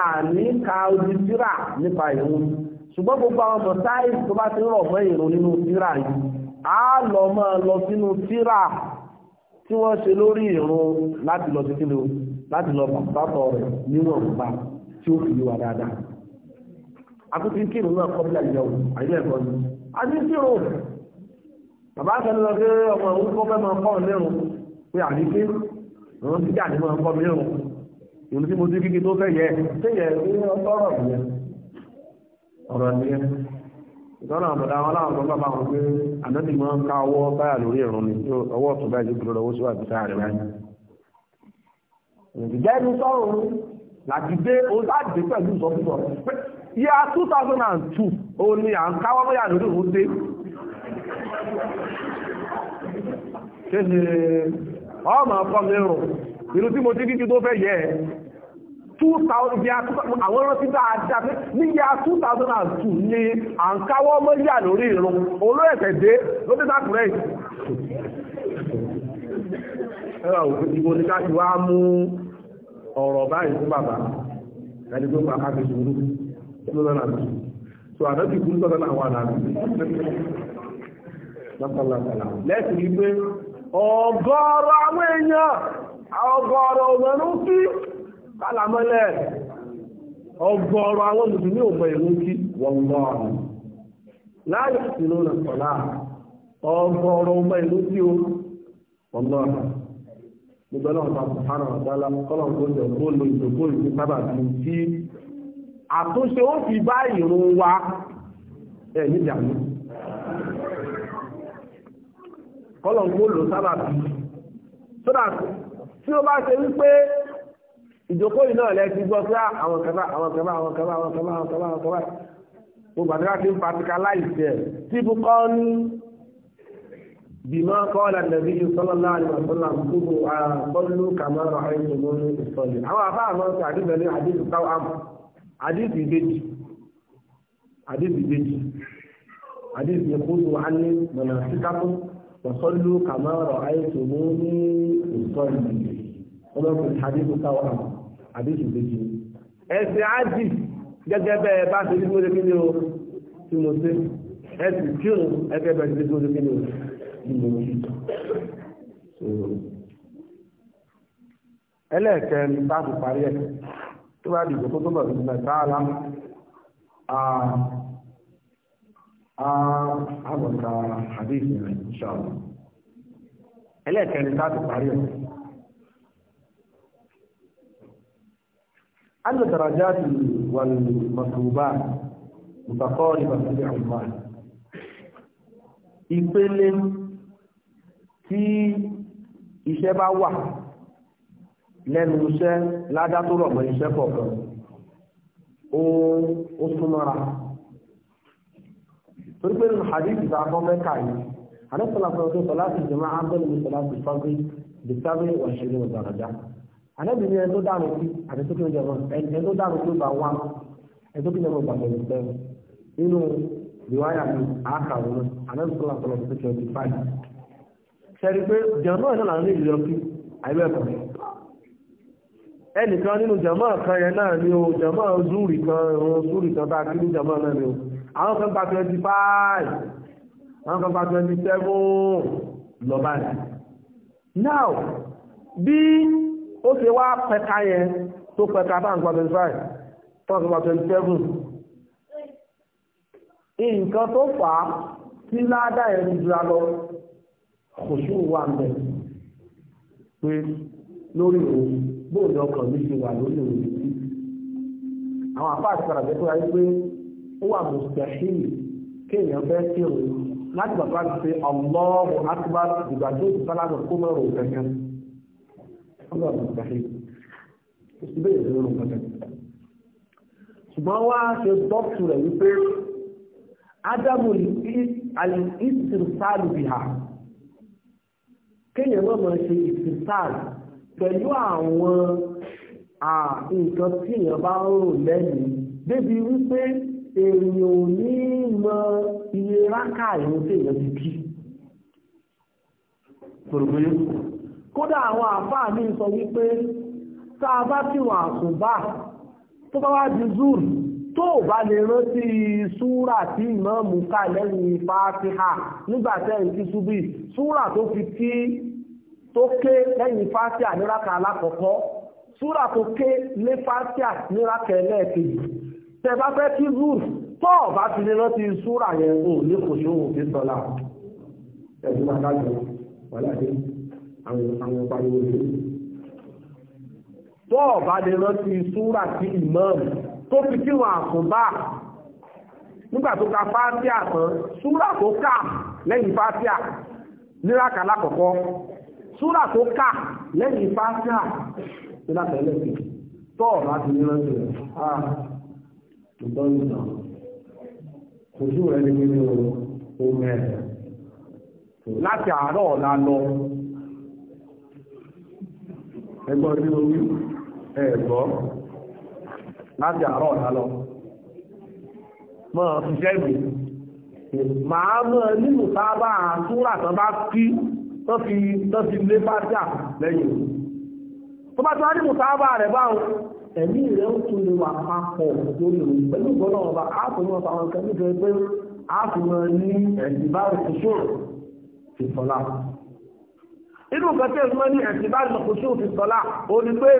àní ka ojú síra nípa ìrun ṣùgbọ́n gbogbo àwọn mọ̀sáì tó bá ti rọ̀ mọ́ ìrun nínú síra yìí a lọ mọ́ lọ sínú síra tí wọ́n ṣe lórí ìrun láti lọ sí kílò láti lọ pàtàkọ̀ rẹ̀ níwọ̀n bá tí ó fi wà dáadáa akútí kírun náà kọ́ bílẹ̀ ìyàwó àyílẹ̀ ẹ̀kọ́ ni a ti kírun bàbá kan lọ sí ọmọ òun kọ́ fẹ́ máa kọ́ ọ̀lẹ́run pé àdíké ọ̀rọ̀ tí àdí máa ń kọ́ mìíràn ìlú tí mo ti kíkí tó fẹ́ yẹ tẹ́yẹ ọ̀rọ̀ nìyẹn ọ̀rọ̀ nìyẹn ìtọ́nà àmọ̀dá wọn láwọn ọ̀gbọ́n bá wọn pé ànábì máa ń ká ọwọ́ báyà lórí ìrùn ni ọwọ́ ọ̀tún báyìí gbọdọ̀ lọ́wọ́ síwájú sáà rẹ̀ báyìí ìjẹ́ ẹni sọ́run láti dé oláàdé pẹ̀lú ìsọfúnfọ́ yíya 2002 o ni à ń káwọ́ bóyá lórí òun dé kéde ọmọ ọkọ mi rùn ìlú tí mo ti kíkí tó fẹ́ yẹ ẹ̀ 2000 àwọn rántí dáadáa pé níyà 2002 ni à ń káwọ́ mọ́líà lórí ìrún dé ló dé sákùrẹ́ ìbò ní ká ìwá mú ọ̀rọ̀ báyìí fún bàbá ẹni tó fi ṣòro so lẹ́sìn ọ̀gọ́rọ̀ àwọn èèyàn ọ̀gọ́rọ̀ òmìnirú kí kálàmọ́lẹ̀ ọ̀gọ́rọ̀ àwọn mùsùlùmí òmọ ìlú kí wọ́n gbọ́rọ̀ láyé ìlú rẹ̀ sọ̀lá ọ̀gọ́rọ̀ òmọ ìlú gbogbo ta kọ́lọ̀ tó jẹ ìlú sábà bí àtúnṣe ó fi kọ́lọ̀n kó lò sábà bí so that tí ó bá ṣe wípé ìjókòó yìí náà lẹ́ẹ̀tì gbọ́ sí ah, àwọn kẹfà àwọn kẹfà àwọn kẹfà àwọn kẹfà àwọn kẹfà àwọn kẹfà gbogbo àti láti ń patika láìsí ẹ̀ tí bú kọ́ ní bìmọ́ kọ́ọ̀lá nàbí sọ́lọ́lá àlùmọ̀sọ́lá gbogbo àkọlù kàmọ́rọ̀ àìsàn ní ìsọ̀lẹ̀ àwọn afá àwọn ọ̀sẹ̀ àdìbẹ̀ ní àdìbì táwọn àmọ̀ àdìbì ìbejì àdìbì ìbejì àdìbì ìkúrú wà ní mọ̀nà síkákún wọ́sọ́lú kàmárọ̀ àìsù mú ní ìsọ́lù ọlọ́pìn hadithu káwà hadithu méjì ẹ̀sìn ájì gẹ́gẹ́ bẹ́ẹ̀ bá ṣe ní gbóde kíni o tí mo ṣe ẹ̀sìn kírun ẹgbẹ́ bẹ́ẹ̀ ṣe ní gbóde kíni o tí mo ṣe. ẹlẹ́ẹ̀kẹrin bá ti parí ẹ̀ tó bá dìbò tó tó bọ̀ sí mẹ́ta àlámù àbọ̀ta hadith rẹ̀ ṣọ́ọ̀lù ẹlẹ́ẹ̀kẹrin táàtì parí ẹ̀ أن الدرجات والمطلوبات متقاربة في العمال ìpele tí iṣẹ́ bá wà lẹ́nu iṣẹ́ ládá tó rọ̀ mọ́ iṣẹ́ kọ̀ọ̀kan ó súnmọ́ra torí pé nínú hadith ìgbà àkọ́kọ́ káyé anẹ́sọ̀lá sọ̀rọ̀ tó sọ̀lá ti jẹ̀mọ́ abẹ́lẹ̀ mi sọ̀lá ti fọ́gbé bìtàwé ọ̀ṣẹ́lẹ̀ ọ̀dàrọ̀dá anẹ́bìnrin ẹni tó dànù sí àti tó kíni jẹ̀mọ́ ẹni tó dànù sí ọgbà wa ẹni tó kíni jẹ̀mọ́ ọgbà sẹ́wọ̀n nínú ìwáyà mi àákàwọ̀ anẹ́sọ̀lá ẹnìkan nínú jẹ̀mọ́ kan yẹn náà ni o jẹ̀mọ́ zúrì kan ìrún zúrì kan bá kí ní jẹ̀mọ́ náà ni o àwọn kan gba twenty five àwọn kan gba twenty seven lọ báyìí now bí ó ṣe wá pẹ̀ka yẹn tó pẹ̀ka bá ń gba twenty five gba twenty seven nǹkan tó fà á tí ládà ẹni jura lọ kò ṣùn wà ń bẹ̀ pé lórí òun bóòlù ọkàn mi ṣe wà lórí òun àwọn àpá àti padà jẹ́ pé pé ó wà mùsùlùmí kéèyàn fẹ́ kírun láti bàbá ti pé Allahu Akbar ìgbà tó ti sálámù kó mẹ́rù kankan ó wà mùsùlùmí ó sì bẹ́ẹ̀ lórí kankan. ṣùgbọ́n wá ṣe bọ́ọ̀tù rẹ̀ wípé ádámù al-istirsalu biha kéèyàn náà máa ṣe ìsirsáàlù pẹ̀lú àwọn nǹkan tí èèyàn bá ń rò lẹ́yìn débi wípé èèyàn ò ní mọ iye rákà ìwọ̀n tí èèyàn ti kí pòròpòrò kódà àwọn àfáà ní sọ wípé tá a bá tí wọ́n àsùbá tó bá wá di zúr tó ò bá lè rántí súrà tí ìmáàmù ká lẹ́yìn fátíhà nígbà tẹ́yìn tí súbì súrà tó fi kí tó ké lẹ́yìn fátíhà ní rákà alákọ̀ọ́kọ́ súrà tó ké lé fátíhà ní rákà ẹlẹ́ẹ̀kejì tẹ fẹ́ kí rúùf tọ́ bá ti lè rántí súrà yẹn ò ní kò ṣe òun fi sọ́lá ẹ̀dùn máa dájọ́ wà àwọn pariwo lè tọ́ bá lè rántí súrà sí ìmọ̀ọ̀mù tó fi kí wọn àkùnbá nígbà tó ka fátíà tán súrà tó kà lẹ́yìn fátíà níraka lákọ̀ọ́kọ́ súrà tó kà lẹ́yìn fátíà níraka lẹ́yìn tọ́ bá ti lè rántí rẹ̀ ah ìtọ́lùtàn ojú rẹ̀ ní nínú omi ẹ̀rọ láti àárọ̀ ọ̀la lọ ẹgbọ́n ní orí ẹ̀gbọ́ láti àárọ̀ ọ̀la lọ mọ́ ṣẹ́gbì máa mọ́ nínú sábà àtúrà bá kí tán lé bá jà lẹ́yìn tó bá tó wá ní mùsáábà rẹ̀ báwọn ẹ̀mí rẹ̀ ń tún lè wà papọ̀ lórí òun pẹ̀lú ìgbọ́nà ọba àfihàn àwọn nǹkan nítorí pé àfihàn ní ẹ̀sìn bá rẹ̀ ṣòro ti sọ́lá inú nǹkan tí ẹ̀sìn ní ẹ̀sìn bá rẹ̀ ṣòro ti sọ́lá ó ní pé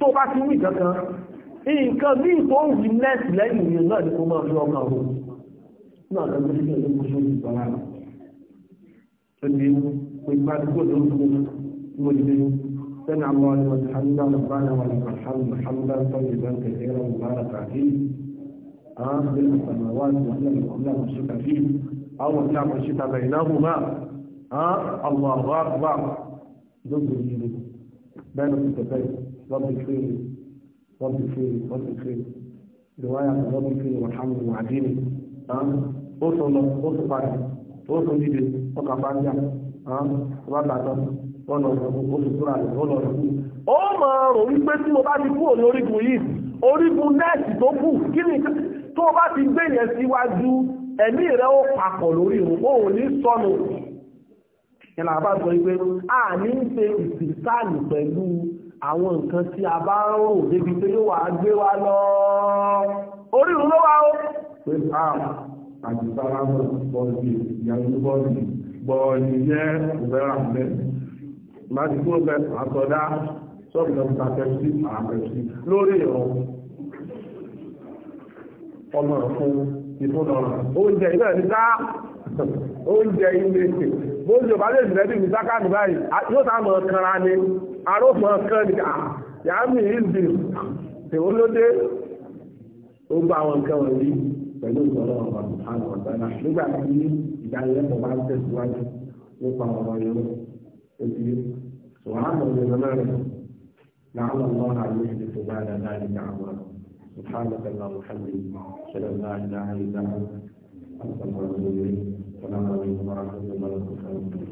tó bá ti wí kankan nǹkan bí ìtò òwì nẹ́ẹ̀sì lẹ́yìn ìyẹn náà ni kó máa fi ọkàn rò náà lọ́gbọ́n ní ẹ̀sìn bá rẹ̀ ṣòro ti sọ́lá سمع الله لمن حمده ربنا ولك الحمد حمدا طيبا كثيرا مباركا فيه آخر السماوات وأهل الأملاك والشرك فيه أو تعمل الشتاء بينهما آه الله أكبر ضد الجنود بين الكتابين رب الخير رب الخير رب الخير رواية رب الخير والحمد وعديني آه أوصل أوصل بعد أوصل لي بس أقع بعد آه ربع تصل wọ́n lọ ìrọ̀kú olùsúra rẹ̀ wọ́n lọ ìrọ̀kú. ó mọ̀ rò wípé tí mo bá ti kúrò ní orígun yìí orígun nẹ́ẹ̀sì tó kù kí ni tó bá ti gbé yẹn síwájú ẹ̀mí rẹ̀ ó papọ̀ lórí òun ó ní sọnù ìlànà bá sọ wípé a ní ń ṣe ìsìnkáàlì pẹ̀lú àwọn nǹkan tí a bá ń rò débi pé yóò máa ti kúrò bẹ àtọ̀dá sọ́ọ̀bù lọ ta pẹ̀sí àpẹ̀sí lórí ìrọ̀ ọmọ fún ìfúnnọ̀rọ̀ oúnjẹ ilé ẹ̀ níta oúnjẹ ilé ètè bóúnjẹ bá lè jìnlẹ̀ bí mi sáká ní báyìí yóò tá mọ̀ kanra ni arófin kan ní yàmì ìdì tèwó ló dé ó gba àwọn nǹkan wọ̀nyí pẹ̀lú ìtọ́lọ́ ọ̀rọ̀ àwọn ọ̀dọ́nà nígbà tí ìdánilẹ́kọ̀ọ́ bá ń tẹ̀síwájú nípa ọ̀rọ̀ yẹn وعمل زمانه لعل الله ان يحدث بعد ذلك عمرا سبحانك اللهم وحمدك اشهد ان لا اله الا انت استغفرك واتوب اليك السلام عليكم ورحمه الله وبركاته